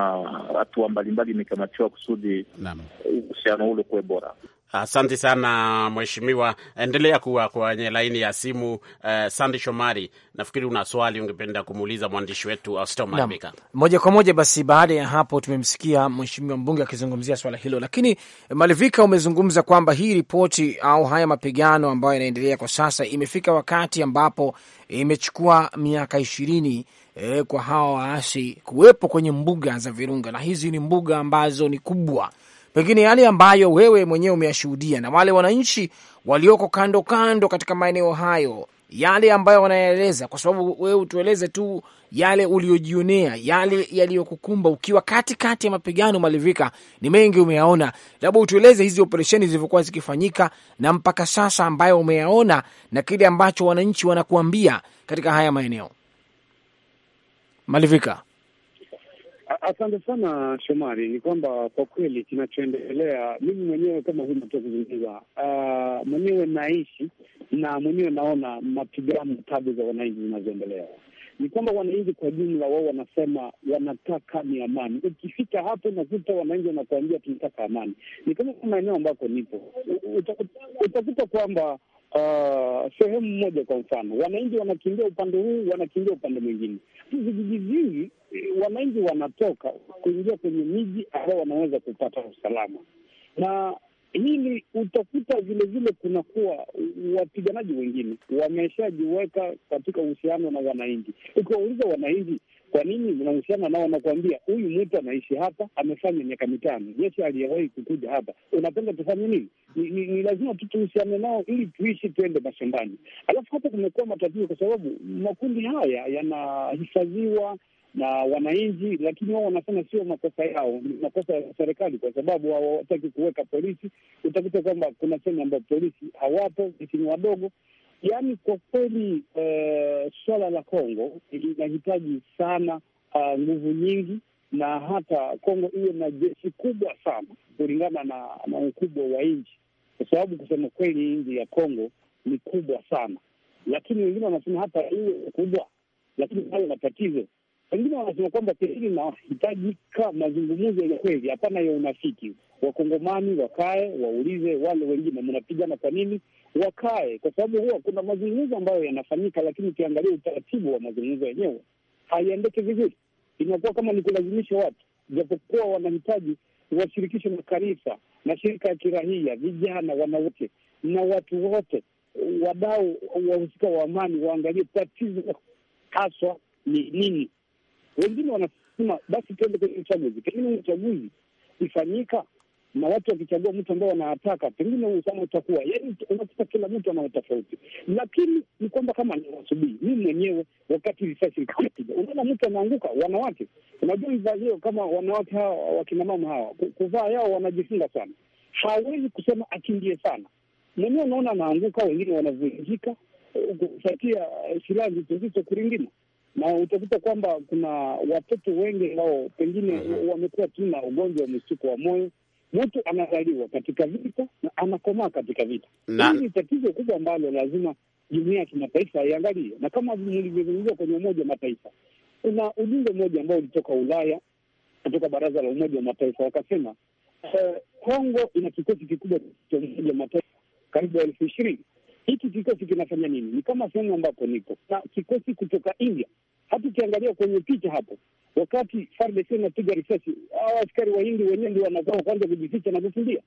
hatua mbalimbali imekamatiwa kusudi uhusiano ule kuwe bora. Asante sana mheshimiwa, endelea kuwa kwenye laini ya simu. Uh, Sandi Shomari, nafikiri una swali ungependa kumuuliza mwandishi wetu Austel moja kwa moja. Basi baada ya hapo, tumemsikia mheshimiwa mbunge akizungumzia swala hilo, lakini eh, Malivika, umezungumza kwamba hii ripoti au haya mapigano ambayo yanaendelea kwa sasa, imefika wakati ambapo imechukua miaka ishirini eh, kwa hawa waasi kuwepo kwenye mbuga za Virunga, na hizi ni mbuga ambazo ni kubwa pengine yale ambayo wewe mwenyewe umeyashuhudia na wale wananchi walioko kando kando katika maeneo hayo, yale ambayo wanayaeleza, kwa sababu wewe utueleze tu yale uliyojionea, yale yaliyokukumba ukiwa katikati kati ya mapigano malivika. Ni mengi umeyaona, labda utueleze hizi operesheni zilivyokuwa zikifanyika na mpaka sasa ambayo umeyaona na kile ambacho wananchi wanakuambia katika haya maeneo malivika. Asante sana Shomari. Ni kwamba kwa kweli kinachoendelea, mimi mwenyewe kama huyu natoa kuzungumza, uh, mwenyewe naishi na mwenyewe naona mapigano, tabu za wananchi zinazoendelea ni kwamba wananchi kwa jumla wao wanasema wanataka ni amani. Ukifika hapo unakuta wananchi wanakuambia tunataka amani. Ni kama maeneo ambako nipo utakuta kwamba uh, sehemu moja. Kwa mfano, wananchi wanakimbia upande huu, wanakimbia upande mwingine. Vijiji vingi wananchi wanatoka kuingia kwenye miji ambao wanaweza kupata usalama, na hili utakuta vilevile kunakuwa wapiganaji wengine wameshajiweka katika uhusiano na wananchi. Ukiwauliza wananchi kwa nini unahusiana nao? Nakuambia huyu mtu anaishi hapa, amefanya miaka mitano. Yesu aliyewahi kukuja hapa, unapenda tufanye nini? Ni, ni, ni lazima tu tuhusiane nao ili tuishi, tuende mashambani. Alafu hapa kumekuwa matatizo, kwa sababu makundi haya yanahifadhiwa na wananchi, lakini wao wanasema sio makosa yao, makosa ya serikali, kwa sababu hawataki kuweka polisi. Utakuta kwamba kuna sehemu ambayo polisi hawapo, ni wadogo, Yaani kwa kweli uh, eh, suala la Kongo linahitaji sana uh, nguvu nyingi na hata Kongo iwe na jeshi kubwa sana kulingana na, na ukubwa wa nchi, kwa sababu kusema kweli nchi ya Kongo ni kubwa sana, lakini wengine wanasema hata iwe kubwa, lakini hayo matatizo wengine wanasema kwamba pengine inahitajika mazungumzo ya kweli, hapana ya unafiki. Wakongomani wakae waulize wale wengine, mnapigana kwa nini? Wakae, kwa sababu huwa kuna mazungumzo ambayo yanafanyika, lakini ukiangalia utaratibu wa mazungumzo yenyewe haiendeki vizuri, inakuwa kama ni kulazimisha watu, japokuwa wanahitaji washirikishe makanisa na shirika ya kirahia, vijana, wanawake na watu wote, wadau wahusika wa amani, waangalie tatizo haswa ni nini wengine wanasema basi tuende kwenye uchaguzi, pengine uchaguzi ifanyika na watu wakichagua mtu ambao wanawataka, pengine usalama utakuwa, yani, unakuta kila mtu ana utofauti. Lakini ni kwamba kama niwasubii mimi mwenyewe, wakati risasi likapiga, unaona mtu anaanguka. Wanawake, unajua vivaa kama wanawake hawa wakinamama hawa, kuvaa yao wanajifunga sana, hawezi kusema akimbie sana, mwenyewe unaona anaanguka, wengine wanavunjika eh, kufatia eh, silaha nzito nzito kuringina na utakuta kwamba kuna watoto wengi ambao pengine wamekuwa tu na ugonjwa wa mshtuko wa moyo. Mtu anazaliwa katika vita na anakomaa katika vita. Hili ni tatizo kubwa ambalo lazima jumuia ya kimataifa iangalie, na kama mlivyozungumzia kwenye Umoja wa Mataifa, kuna ujumbe mmoja ambao ulitoka Ulaya kutoka Baraza la Umoja wa Mataifa, wakasema eh, Kongo uh, ina kikosi kikubwa cha Umoja wa Mataifa karibu elfu ishirini hiki kikosi kinafanya nini? Ni kama sehemu ambapo niko na kikosi kutoka India. Hata ukiangalia kwenye picha hapo, wakati FARDC inapiga risasi, hawa askari wa wenyewe ndio wanazaa kwanza kujificha na kukimbia.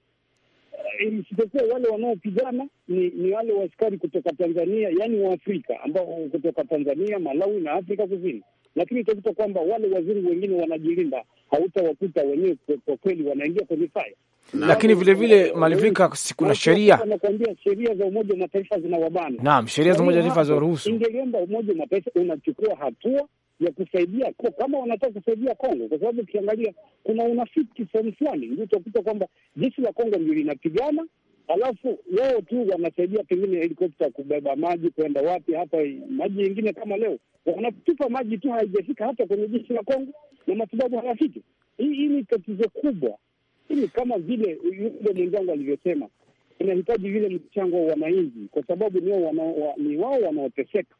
Eh, isipokuwa wale wanaopigana ni, ni wale waaskari kutoka Tanzania, yaani Waafrika ambao kutoka Tanzania, Malawi na Afrika Kusini. Lakini utakuta kwamba wale wazungu wengine wanajilinda, hautawakuta wenyewe kwa kweli wanaingia kwenye faya lakini vilevile malivika, kuna sheria nakwambia, sheria za Umoja wa Mataifa zinawabana. Naam, sheria za yaani Umoja wa Mataifa zinaruhusu. Ingeliomba Umoja wa Mataifa unachukua hatua ya kusaidia kama wanataka kusaidia Kongo, kwa sababu ukiangalia kuna unafiki sehemu fulani, ndio utakuta kwamba jeshi la Kongo ndio linapigana alafu wao tu wanasaidia pengine helikopta kubeba maji kwenda wapi, hata maji yengine kama leo wanatupa maji tu haijafika hata kwenye jeshi la Kongo na matibabu hayafiki. Hii ni tatizo kubwa lakini kama vile yule mwenzangu alivyosema, inahitaji vile mchango wa wananchi, kwa sababu ni wao wanaoteseka.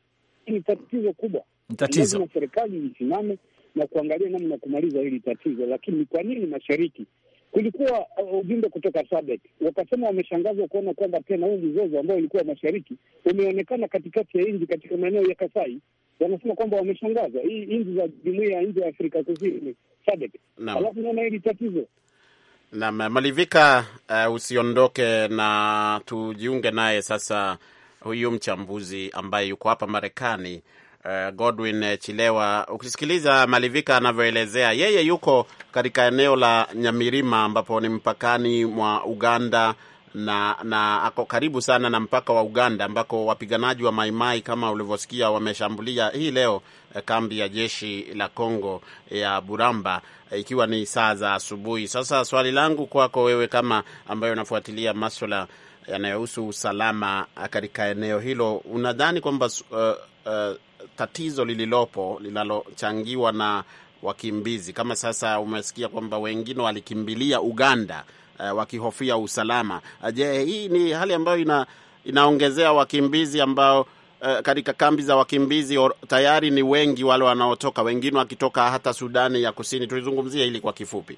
Hii ni tatizo kubwa, lazima serikali isimame na kuangalia namna kumaliza hili tatizo. Lakini kwa nini mashariki kulikuwa uh, ujumbe uh, kutoka SADC wakasema wameshangazwa kuona kwamba tena huu mzozo ambao ulikuwa mashariki umeonekana katikati ya nchi, katika maeneo ya Kasai. Wanasema kwamba wameshangazwa hii nchi za jumuia ya nchi ya Afrika Kusini, SADC, alafu naona hili tatizo Naam, Malivika, uh, usiondoke na tujiunge naye sasa huyu mchambuzi ambaye yuko hapa Marekani uh, Godwin Chilewa. Ukisikiliza Malivika anavyoelezea yeye, yuko katika eneo la Nyamirima ambapo ni mpakani mwa Uganda na na ako karibu sana na mpaka wa Uganda ambako wapiganaji wa Maimai kama ulivyosikia wameshambulia hii leo eh, kambi ya jeshi la Kongo ya Buramba eh, ikiwa ni saa za asubuhi. Sasa swali langu kwako wewe kama ambayo unafuatilia maswala yanayohusu usalama eh, katika eneo hilo, unadhani kwamba uh, uh, tatizo lililopo linalochangiwa na wakimbizi kama sasa umesikia kwamba wengine walikimbilia Uganda Eh, wakihofia usalama. Eh, je, hii ni hali ambayo ina, inaongezea wakimbizi ambao Uh, katika kambi za wakimbizi or, tayari ni wengi wale wanaotoka, wengine wakitoka hata Sudani ya Kusini. Tulizungumzia hili kwa kifupi.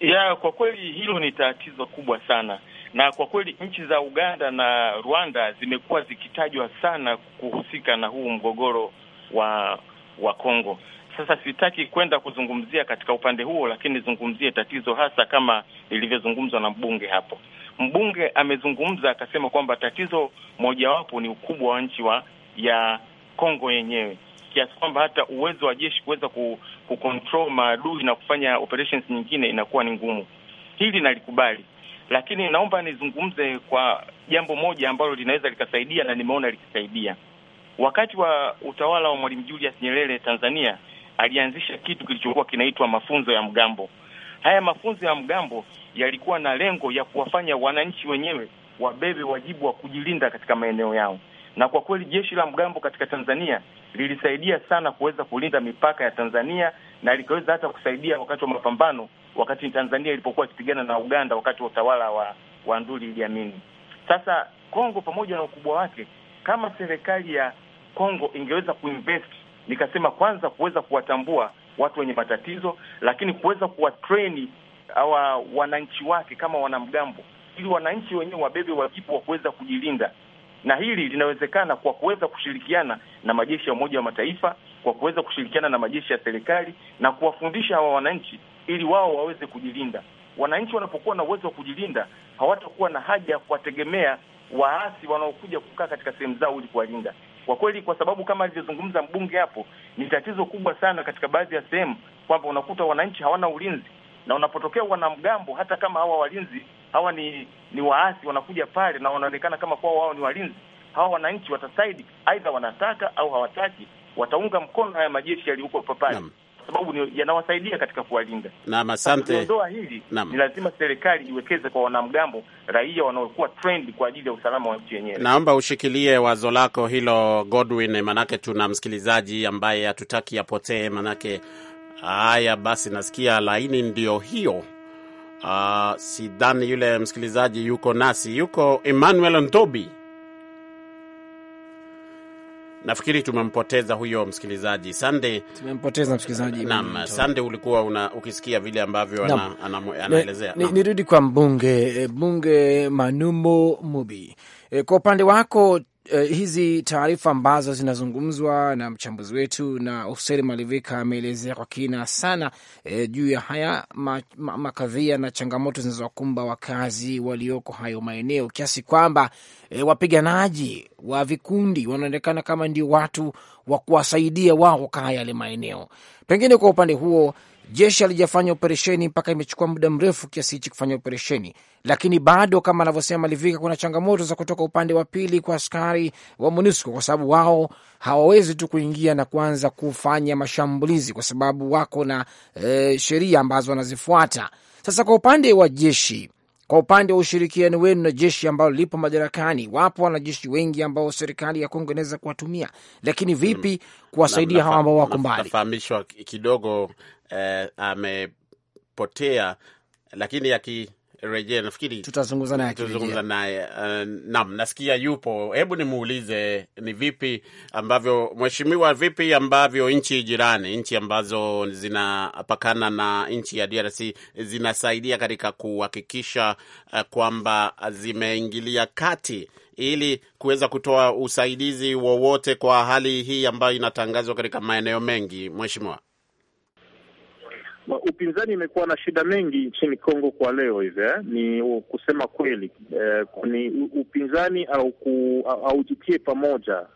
Ya, kwa kweli hilo ni tatizo kubwa sana, na kwa kweli nchi za Uganda na Rwanda zimekuwa zikitajwa sana kuhusika na huu mgogoro wa wa Kongo, sasa sitaki kwenda kuzungumzia katika upande huo, lakini nizungumzie tatizo hasa kama lilivyozungumzwa na mbunge hapo. Mbunge amezungumza akasema kwamba tatizo mojawapo ni ukubwa wa nchi wa ya Kongo yenyewe kiasi kwamba hata uwezo wa jeshi kuweza kucontrol maadui na kufanya operations nyingine inakuwa ni ngumu. Hili nalikubali, lakini naomba nizungumze kwa jambo moja ambalo linaweza likasaidia na nimeona likisaidia wakati wa utawala wa Mwalimu Julius Nyerere Tanzania alianzisha kitu kilichokuwa kinaitwa mafunzo ya mgambo. Haya mafunzo ya mgambo yalikuwa na lengo ya kuwafanya wananchi wenyewe wabebe wajibu wa kujilinda katika maeneo yao, na kwa kweli jeshi la mgambo katika Tanzania lilisaidia sana kuweza kulinda mipaka ya Tanzania na likaweza hata kusaidia wakati wa mapambano, wakati Tanzania ilipokuwa ikipigana na Uganda wakati wa utawala wa, wa Nduli Idi Amin. Sasa Kongo, pamoja na ukubwa wake, kama serikali ya Kongo ingeweza kuinvest nikasema kwanza kuweza kuwatambua watu wenye matatizo, lakini kuweza kuwatreni hawa wananchi wake kama wanamgambo, ili wananchi wenyewe wabebe wajibu wa kuweza kujilinda, na hili linawezekana kwa kuweza kushirikiana na majeshi ya Umoja wa Mataifa, kwa kuweza kushirikiana na majeshi ya serikali na kuwafundisha hawa wananchi ili wao waweze kujilinda. Wananchi wanapokuwa na uwezo wa kujilinda, hawatakuwa na haja ya kuwategemea waasi wanaokuja kukaa katika sehemu zao ili kuwalinda kwa kweli, kwa sababu kama alivyozungumza mbunge hapo, ni tatizo kubwa sana katika baadhi ya sehemu kwamba unakuta wananchi hawana ulinzi, na unapotokea wanamgambo, hata kama hawa walinzi hawa ni ni waasi, wanakuja pale na wanaonekana kama kwao wao ni walinzi, hawa wananchi watasaidi, aidha wanataka au hawataki, wataunga mkono haya majeshi yaliyoko pale sababu yanawasaidia katika kuwalinda. Naam, asante. Ndoa hili ni lazima serikali iwekeze kwa wanamgambo, raia wanaokuwa trend kwa ajili ya usalama wa nchi yenyewe. Naomba ushikilie wazo lako hilo Godwin, manake tuna msikilizaji ambaye hatutaki apotee, manake haya basi, nasikia laini ndio hiyo. Uh, sidhani yule msikilizaji yuko nasi, yuko Emmanuel Ndobi Nafikiri tumempoteza huyo msikilizaji Sande, tumempoteza msikilizaji. Naam, Sande, ulikuwa una, ukisikia vile ambavyo anaelezea. Nirudi kwa mbunge, eh, mbunge Manumo Mubi, eh, kwa upande wako uh, hizi taarifa ambazo zinazungumzwa na mchambuzi wetu na Hussein Malivika ameelezea kwa kina sana eh, juu ya haya ma, ma, makadhia na changamoto zinazowakumba wakazi walioko hayo maeneo kiasi kwamba eh, wapiganaji wa vikundi wanaonekana kama ndio watu wa kuwasaidia wao kaa yale maeneo. Pengine kwa upande huo jeshi alijafanya operesheni mpaka imechukua muda mrefu kiasi hichi kufanya operesheni, lakini bado kama anavyosema Livika, kuna changamoto za kutoka upande wa pili kwa askari wa MONUSCO kwa sababu wao hawawezi tu kuingia na kuanza kufanya mashambulizi kwa sababu wako na e, sheria ambazo wanazifuata. Sasa kwa upande wa jeshi kwa upande wa ushirikiano wenu na jeshi ambalo lipo madarakani, wapo wanajeshi wengi ambao serikali ya Kongo inaweza kuwatumia, lakini vipi mm. kuwasaidia hawa ambao wako mbali? Nafahamishwa kidogo eh, amepotea, lakini akirejea, nafikiri tutazungumza naye, tutazungumza naye uh, eh, nam, nasikia yupo. Hebu nimuulize ni vipi ambavyo mheshimiwa, vipi ambavyo nchi jirani, nchi ambazo zinapakana na nchi ya DRC zinasaidia katika kuhakikisha uh, kwamba zimeingilia kati ili kuweza kutoa usaidizi wowote kwa hali hii ambayo inatangazwa katika maeneo mengi, mheshimiwa? upinzani imekuwa na shida mengi nchini Kongo kwa leo hivi eh? Ni kusema kweli eh, ni upinzani au aujitie pamoja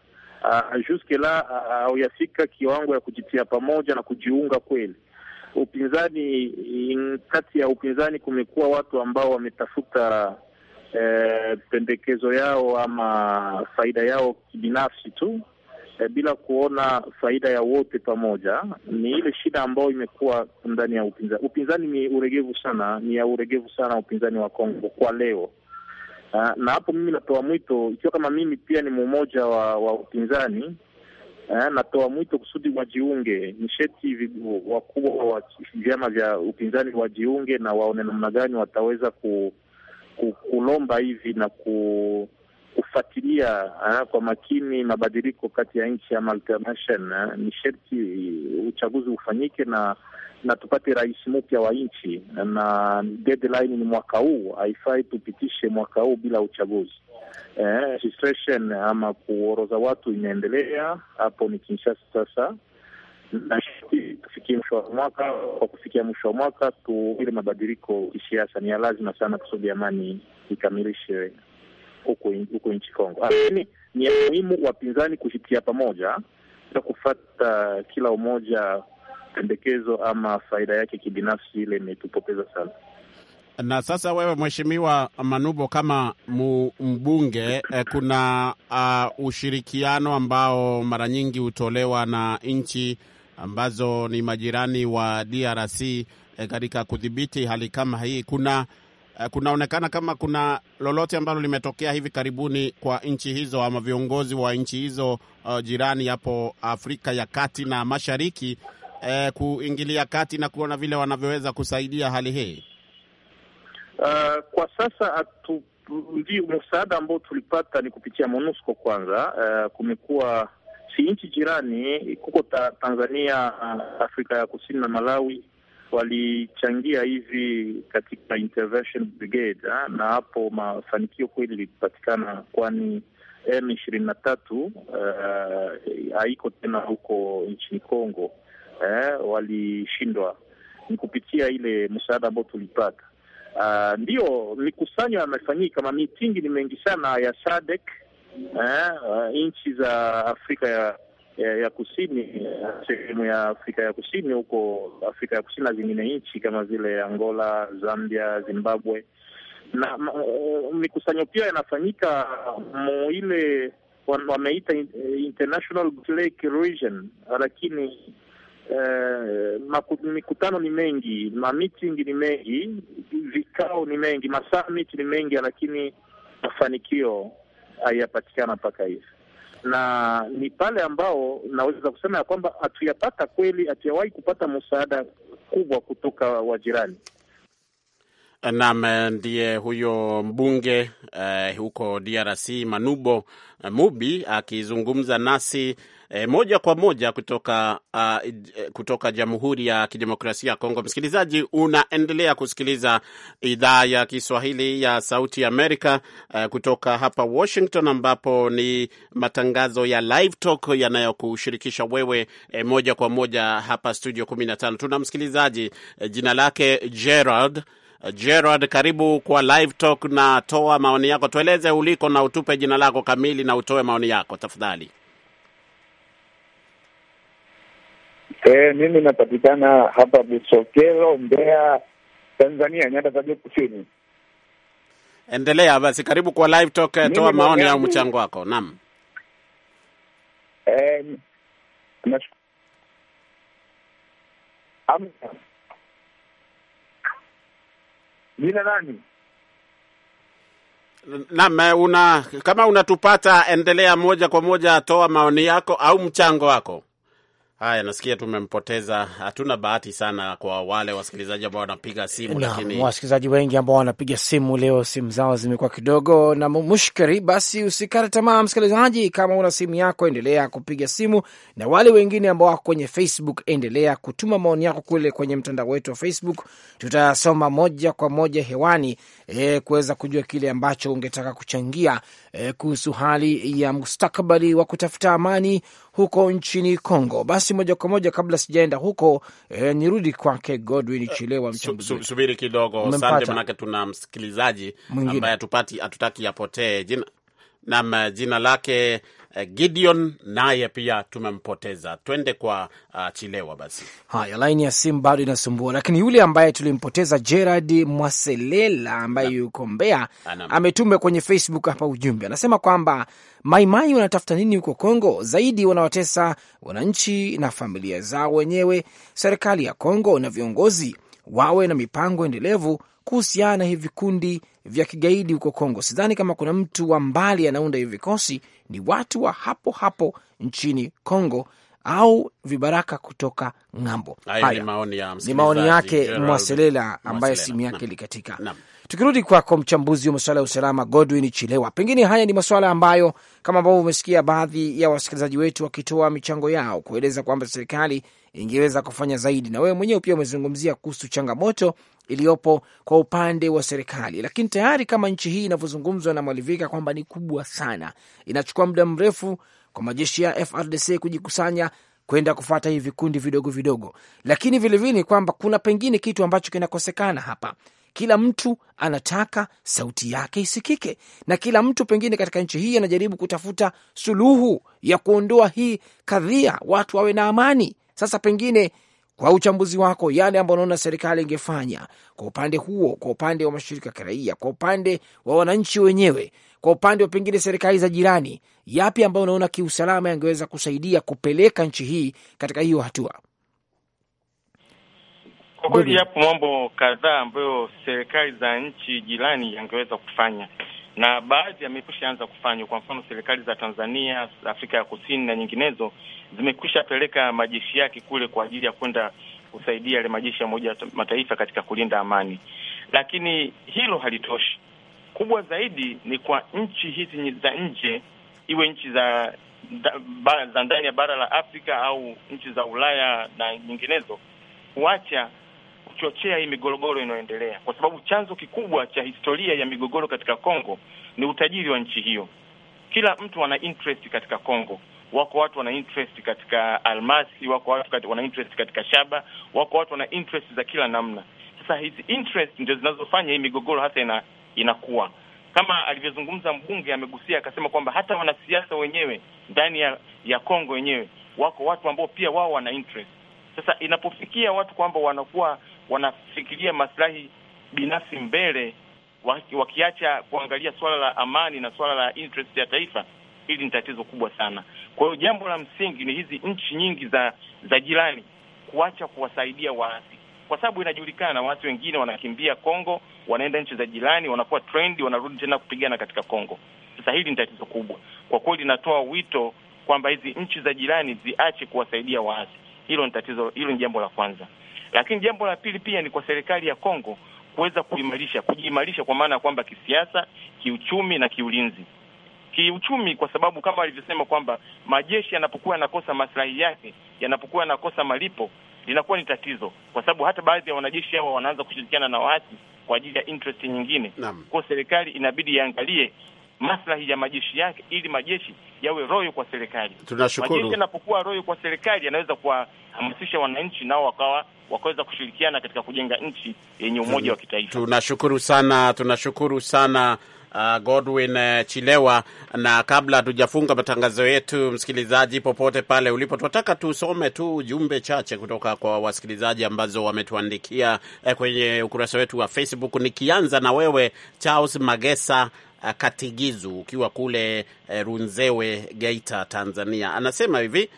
Uh, ah, juske la auyafika ah, ah, uh, kiwango ya kujitia pamoja na kujiunga kweli. Upinzani in, kati ya upinzani kumekuwa watu ambao wametafuta eh, pendekezo yao ama faida yao kibinafsi tu, e, bila kuona faida ya wote pamoja. Ni ile shida ambayo imekuwa ndani ya upinzani. Upinzani ni uregevu sana, ni ya uregevu sana upinzani wa Kongo kwa leo. Uh, na hapo mimi natoa mwito, ikiwa kama mimi pia ni mmoja wa, wa upinzani uh, natoa mwito kusudi wajiunge nisheti wakubwa wa vyama vya upinzani wajiunge na waone namna gani wataweza ku, ku, kulomba hivi na ku kufuatilia ah, kwa makini mabadiliko kati ya nchi ama alternation. Ah, ni sherti uchaguzi ufanyike na na tupate rais mpya wa nchi, na deadline ni mwaka huu. Haifai tupitishe mwaka huu bila uchaguzi. Eh, registration ama kuoroza watu inaendelea, hapo ni Kinshasa sasa na tufikie mwisho wa mwaka. Kwa kufikia mwisho wa mwaka, tuile mabadiliko kisiasa ni ya lazima sana kusudi amani ikamilishe huku nchi Kongo. Lakini ni muhimu wapinzani kushikia pamoja na kufata kila umoja pendekezo ama faida yake kibinafsi, ile imetupoteza sana. Na sasa wewe, Mheshimiwa Manubo, kama mbunge eh, kuna uh, ushirikiano ambao mara nyingi hutolewa na nchi ambazo ni majirani wa DRC eh, katika kudhibiti hali kama hii. Kuna Eh, kunaonekana kama kuna lolote ambalo limetokea hivi karibuni kwa nchi hizo ama viongozi wa nchi hizo uh, jirani hapo Afrika ya Kati na Mashariki uh, kuingilia kati na kuona vile wanavyoweza kusaidia hali hii. Uh, kwa sasa atu, ndio msaada ambao tulipata ni kupitia MONUSCO kwanza. Uh, kumekuwa si nchi jirani kuko ta, Tanzania, Afrika ya Kusini na Malawi walichangia hivi katika intervention brigade ha? Ah, na hapo mafanikio kweli ilipatikana, kwani M ishirini na tatu eh, haiko tena huko nchini Kongo eh, walishindwa. Ni kupitia ile msaada ambao tulipata. Uh, ndio mikusanyo yamefanyika, mamitingi mitingi ni mengi sana ya SADC eh, uh, nchi za Afrika ya ya, ya kusini sehemu ya Afrika ya kusini huko Afrika ya kusini na zingine nchi kama vile Angola, Zambia, Zimbabwe na eh, mikusanyo pia yanafanyika muile wameita eh, International Lake Region, lakini eh, mikutano ni mengi, meeting ni mengi, vikao ni mengi, masamiti ni mengi, lakini mafanikio hayapatikana mpaka hivi na ni pale ambao naweza kusema ya kwamba hatuyapata kweli, hatuyawahi kupata msaada kubwa kutoka wajirani. Naam, ndiye huyo mbunge eh, huko DRC Manubo eh, Mubi akizungumza nasi E, moja kwa moja kutoka uh, kutoka Jamhuri ya Kidemokrasia ya Kongo. Msikilizaji, unaendelea kusikiliza idhaa ya Kiswahili ya Sauti Amerika uh, kutoka hapa Washington, ambapo ni matangazo ya Live Talk yanayokushirikisha wewe e, moja kwa moja hapa studio 15. Tuna msikilizaji e, jina lake Gerald e, Gerard, karibu kwa Live Talk na toa maoni yako. Tueleze uliko na utupe jina lako kamili na utoe maoni yako tafadhali. E, mimi napatikana hapa Busokelo, Mbeya, Tanzania, nyanda za juu kusini. Endelea basi, karibu kwa live talk, eh, toa maoni au mchango wako. Naam, e, jina nani? Naam, una kama unatupata, endelea moja kwa moja, toa maoni yako au mchango wako. Haya, nasikia tumempoteza. Hatuna bahati sana kwa wale wasikilizaji ambao wanapiga simu na, lakini wasikilizaji wengi ambao wanapiga simu leo simu zao zimekuwa kidogo na mushkari. Basi usikate tamaa, msikilizaji, kama una simu yako endelea kupiga simu, na wale wengine ambao wako kwenye Facebook endelea kutuma maoni yako kule kwenye mtandao wetu wa Facebook, tutayasoma moja kwa moja hewani, e, kuweza kujua kile ambacho ungetaka kuchangia eh, kuhusu hali ya mustakabali wa kutafuta amani huko nchini Kongo. Basi moja kwa moja kabla sijaenda huko eh, nirudi kwake Godwin eh, Chilewa, mchambuzi. kidogo sande, manake tuna msikilizaji ambaye hatupati hatutaki apotee jina, nam jina lake Eh, Gideon naye pia tumempoteza. Twende kwa uh, Chilewa basi. Haya, laini ya simu bado inasumbua, lakini yule ambaye tulimpoteza Gerard Mwaselela ambaye yuko Mbeya ametuma kwenye Facebook hapa ujumbe, anasema kwamba maimai wanatafuta nini huko Kongo? Zaidi wanawatesa wananchi na familia zao wenyewe. Serikali ya Kongo na viongozi wawe na mipango endelevu kuhusiana na hivi vikundi vya kigaidi huko Kongo. Sidhani kama kuna mtu wa mbali anaunda hivi vikosi, ni watu wa hapo hapo nchini Kongo au vibaraka kutoka ng'ambo. Haya ni maoni, yake Mwaselela ambaye simu yake ilikatika. Tukirudi kwako mchambuzi wa masuala ya usalama Godwin Chilewa, pengine haya ni masuala ambayo kama ambavyo umesikia baadhi ya wasikilizaji wetu wakitoa michango yao kueleza kwamba serikali ingeweza kufanya zaidi, na wewe mwenyewe pia umezungumzia kuhusu changamoto iliyopo kwa upande wa serikali, lakini tayari kama nchi hii inavyozungumzwa na Mwalivika kwamba ni kubwa sana, inachukua muda mrefu kwa majeshi ya FRDC kujikusanya kwenda kufuata hii vikundi vidogo vidogo, lakini vilevile kwamba kuna pengine kitu ambacho kinakosekana hapa. Kila mtu anataka sauti yake isikike, na kila mtu pengine katika nchi hii anajaribu kutafuta suluhu ya kuondoa hii kadhia, watu wawe na amani. Sasa pengine kwa uchambuzi wako, yale ambayo unaona serikali ingefanya kwa upande huo, kwa upande wa mashirika ya kiraia, kwa upande wa wananchi wenyewe, kwa upande wa pengine serikali za jirani, yapi ambayo unaona kiusalama yangeweza kusaidia kupeleka nchi hii katika hiyo hatua? Kwa kweli, yapo mambo kadhaa ambayo serikali za nchi jirani yangeweza kufanya na baadhi yamekwisha anza kufanywa. Kwa mfano, serikali za Tanzania, Afrika ya Kusini na nyinginezo zimekwisha peleka majeshi yake kule kwa ajili ya kwenda kusaidia yale majeshi ya Umoja Mataifa katika kulinda amani, lakini hilo halitoshi. Kubwa zaidi ni kwa nchi hizi za nje, iwe nchi za za ndani ya bara la Afrika au nchi za Ulaya na nyinginezo, kuacha kuchochea hii migogoro inayoendelea, kwa sababu chanzo kikubwa cha historia ya migogoro katika Kongo ni utajiri wa nchi hiyo. Kila mtu ana interest katika Kongo. Wako watu wana interest katika almasi, wako watu wana interest katika shaba, wako watu wana interest za kila namna. Sasa hizi interest ndio zinazofanya hii migogoro hasa ina, inakuwa kama alivyozungumza mbunge amegusia, akasema kwamba hata wanasiasa wenyewe ndani ya ya Kongo wenyewe wako watu ambao pia wao wana interest. Sasa inapofikia watu kwamba wanakuwa wanafikiria maslahi binafsi mbele, wakiacha kuangalia swala la amani na swala la interest ya taifa. Hili ni tatizo kubwa sana. Kwa hiyo jambo la msingi ni hizi nchi nyingi za za jirani kuacha kuwasaidia waasi, kwa sababu inajulikana waasi wengine wanakimbia Kongo, wanaenda nchi za jirani, wanakuwa trendi, wanarudi tena kupigana katika Kongo. Sasa hili ni tatizo kubwa kwa kweli, linatoa wito kwamba hizi nchi za jirani ziache kuwasaidia waasi. Hilo ni tatizo, hilo ni jambo la kwanza. Lakini jambo la pili pia ni kwa serikali ya Kongo kuweza kuimarisha, kujiimarisha kwa maana ya kwamba kisiasa, kiuchumi na kiulinzi. Kiuchumi kwa sababu kama alivyosema kwamba majeshi yanapokuwa yanakosa maslahi yake, yanapokuwa yanakosa malipo linakuwa ni tatizo, kwa sababu hata baadhi ya wanajeshi hao wanaanza kushirikiana na waasi kwa ajili ya interest nyingine. Kwa serikali inabidi iangalie maslahi ya majeshi yake ili majeshi yawe royo kwa serikali. Tunashukuru. Majeshi yanapokuwa royo kwa serikali yanaweza kuwahamasisha wananchi nao wakawa wakaweza kushirikiana katika kujenga nchi yenye umoja wa kitaifa. Tunashukuru sana, tunashukuru sana Uh, Godwin uh, Chilewa. Na kabla hatujafunga matangazo yetu, msikilizaji popote pale ulipo, tunataka tusome tu ujumbe chache kutoka kwa wasikilizaji ambazo wametuandikia eh, kwenye ukurasa wetu wa Facebook, nikianza na wewe Charles Magesa uh, Katigizu ukiwa kule uh, Runzewe, Geita, Tanzania, anasema hivi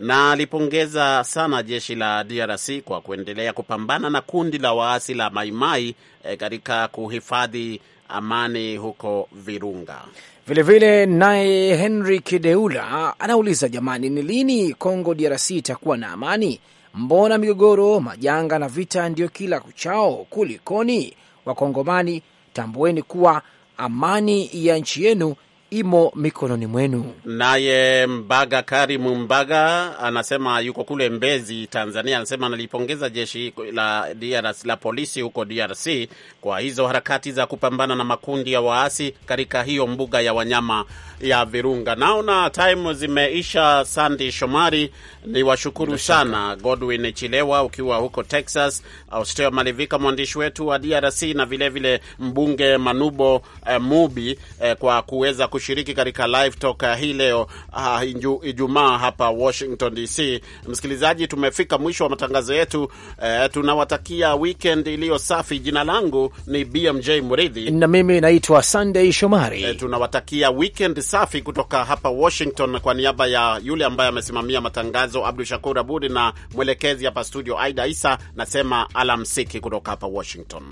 na alipongeza sana jeshi la DRC kwa kuendelea kupambana na kundi la waasi la Maimai e, eh, katika kuhifadhi amani huko Virunga. Vilevile naye Henry Kideula anauliza, jamani, ni lini congo DRC itakuwa na amani? Mbona migogoro, majanga na vita ndiyo kila kuchao? Kulikoni? Wakongomani, tambueni kuwa amani ya nchi yenu imo mikononi mwenu. Naye Mbaga Karimu Mbaga anasema yuko kule Mbezi, Tanzania, anasema analipongeza jeshi la DRC, la polisi huko DRC kwa hizo harakati za kupambana na makundi ya waasi katika hiyo mbuga ya wanyama ya Virunga. Naona time zimeisha. Sandi Shomari, ni washukuru sana Godwin Chilewa ukiwa huko Texas, Austeo Malivika mwandishi wetu wa DRC na vilevile vile mbunge Manubo eh, Mubi eh, kwa kuweza kushiriki katika live talk eh, hii leo uh, Ijumaa hapa Washington DC. Msikilizaji, tumefika mwisho wa matangazo yetu uh, tunawatakia weekend iliyo safi. Jina langu ni BMJ Muridhi na mimi naitwa Sunday Shomari. Uh, tunawatakia weekend safi kutoka hapa Washington, kwa niaba ya yule ambaye amesimamia matangazo Abdu Shakur Abud na mwelekezi hapa studio Aida Isa, nasema alamsiki kutoka hapa Washington.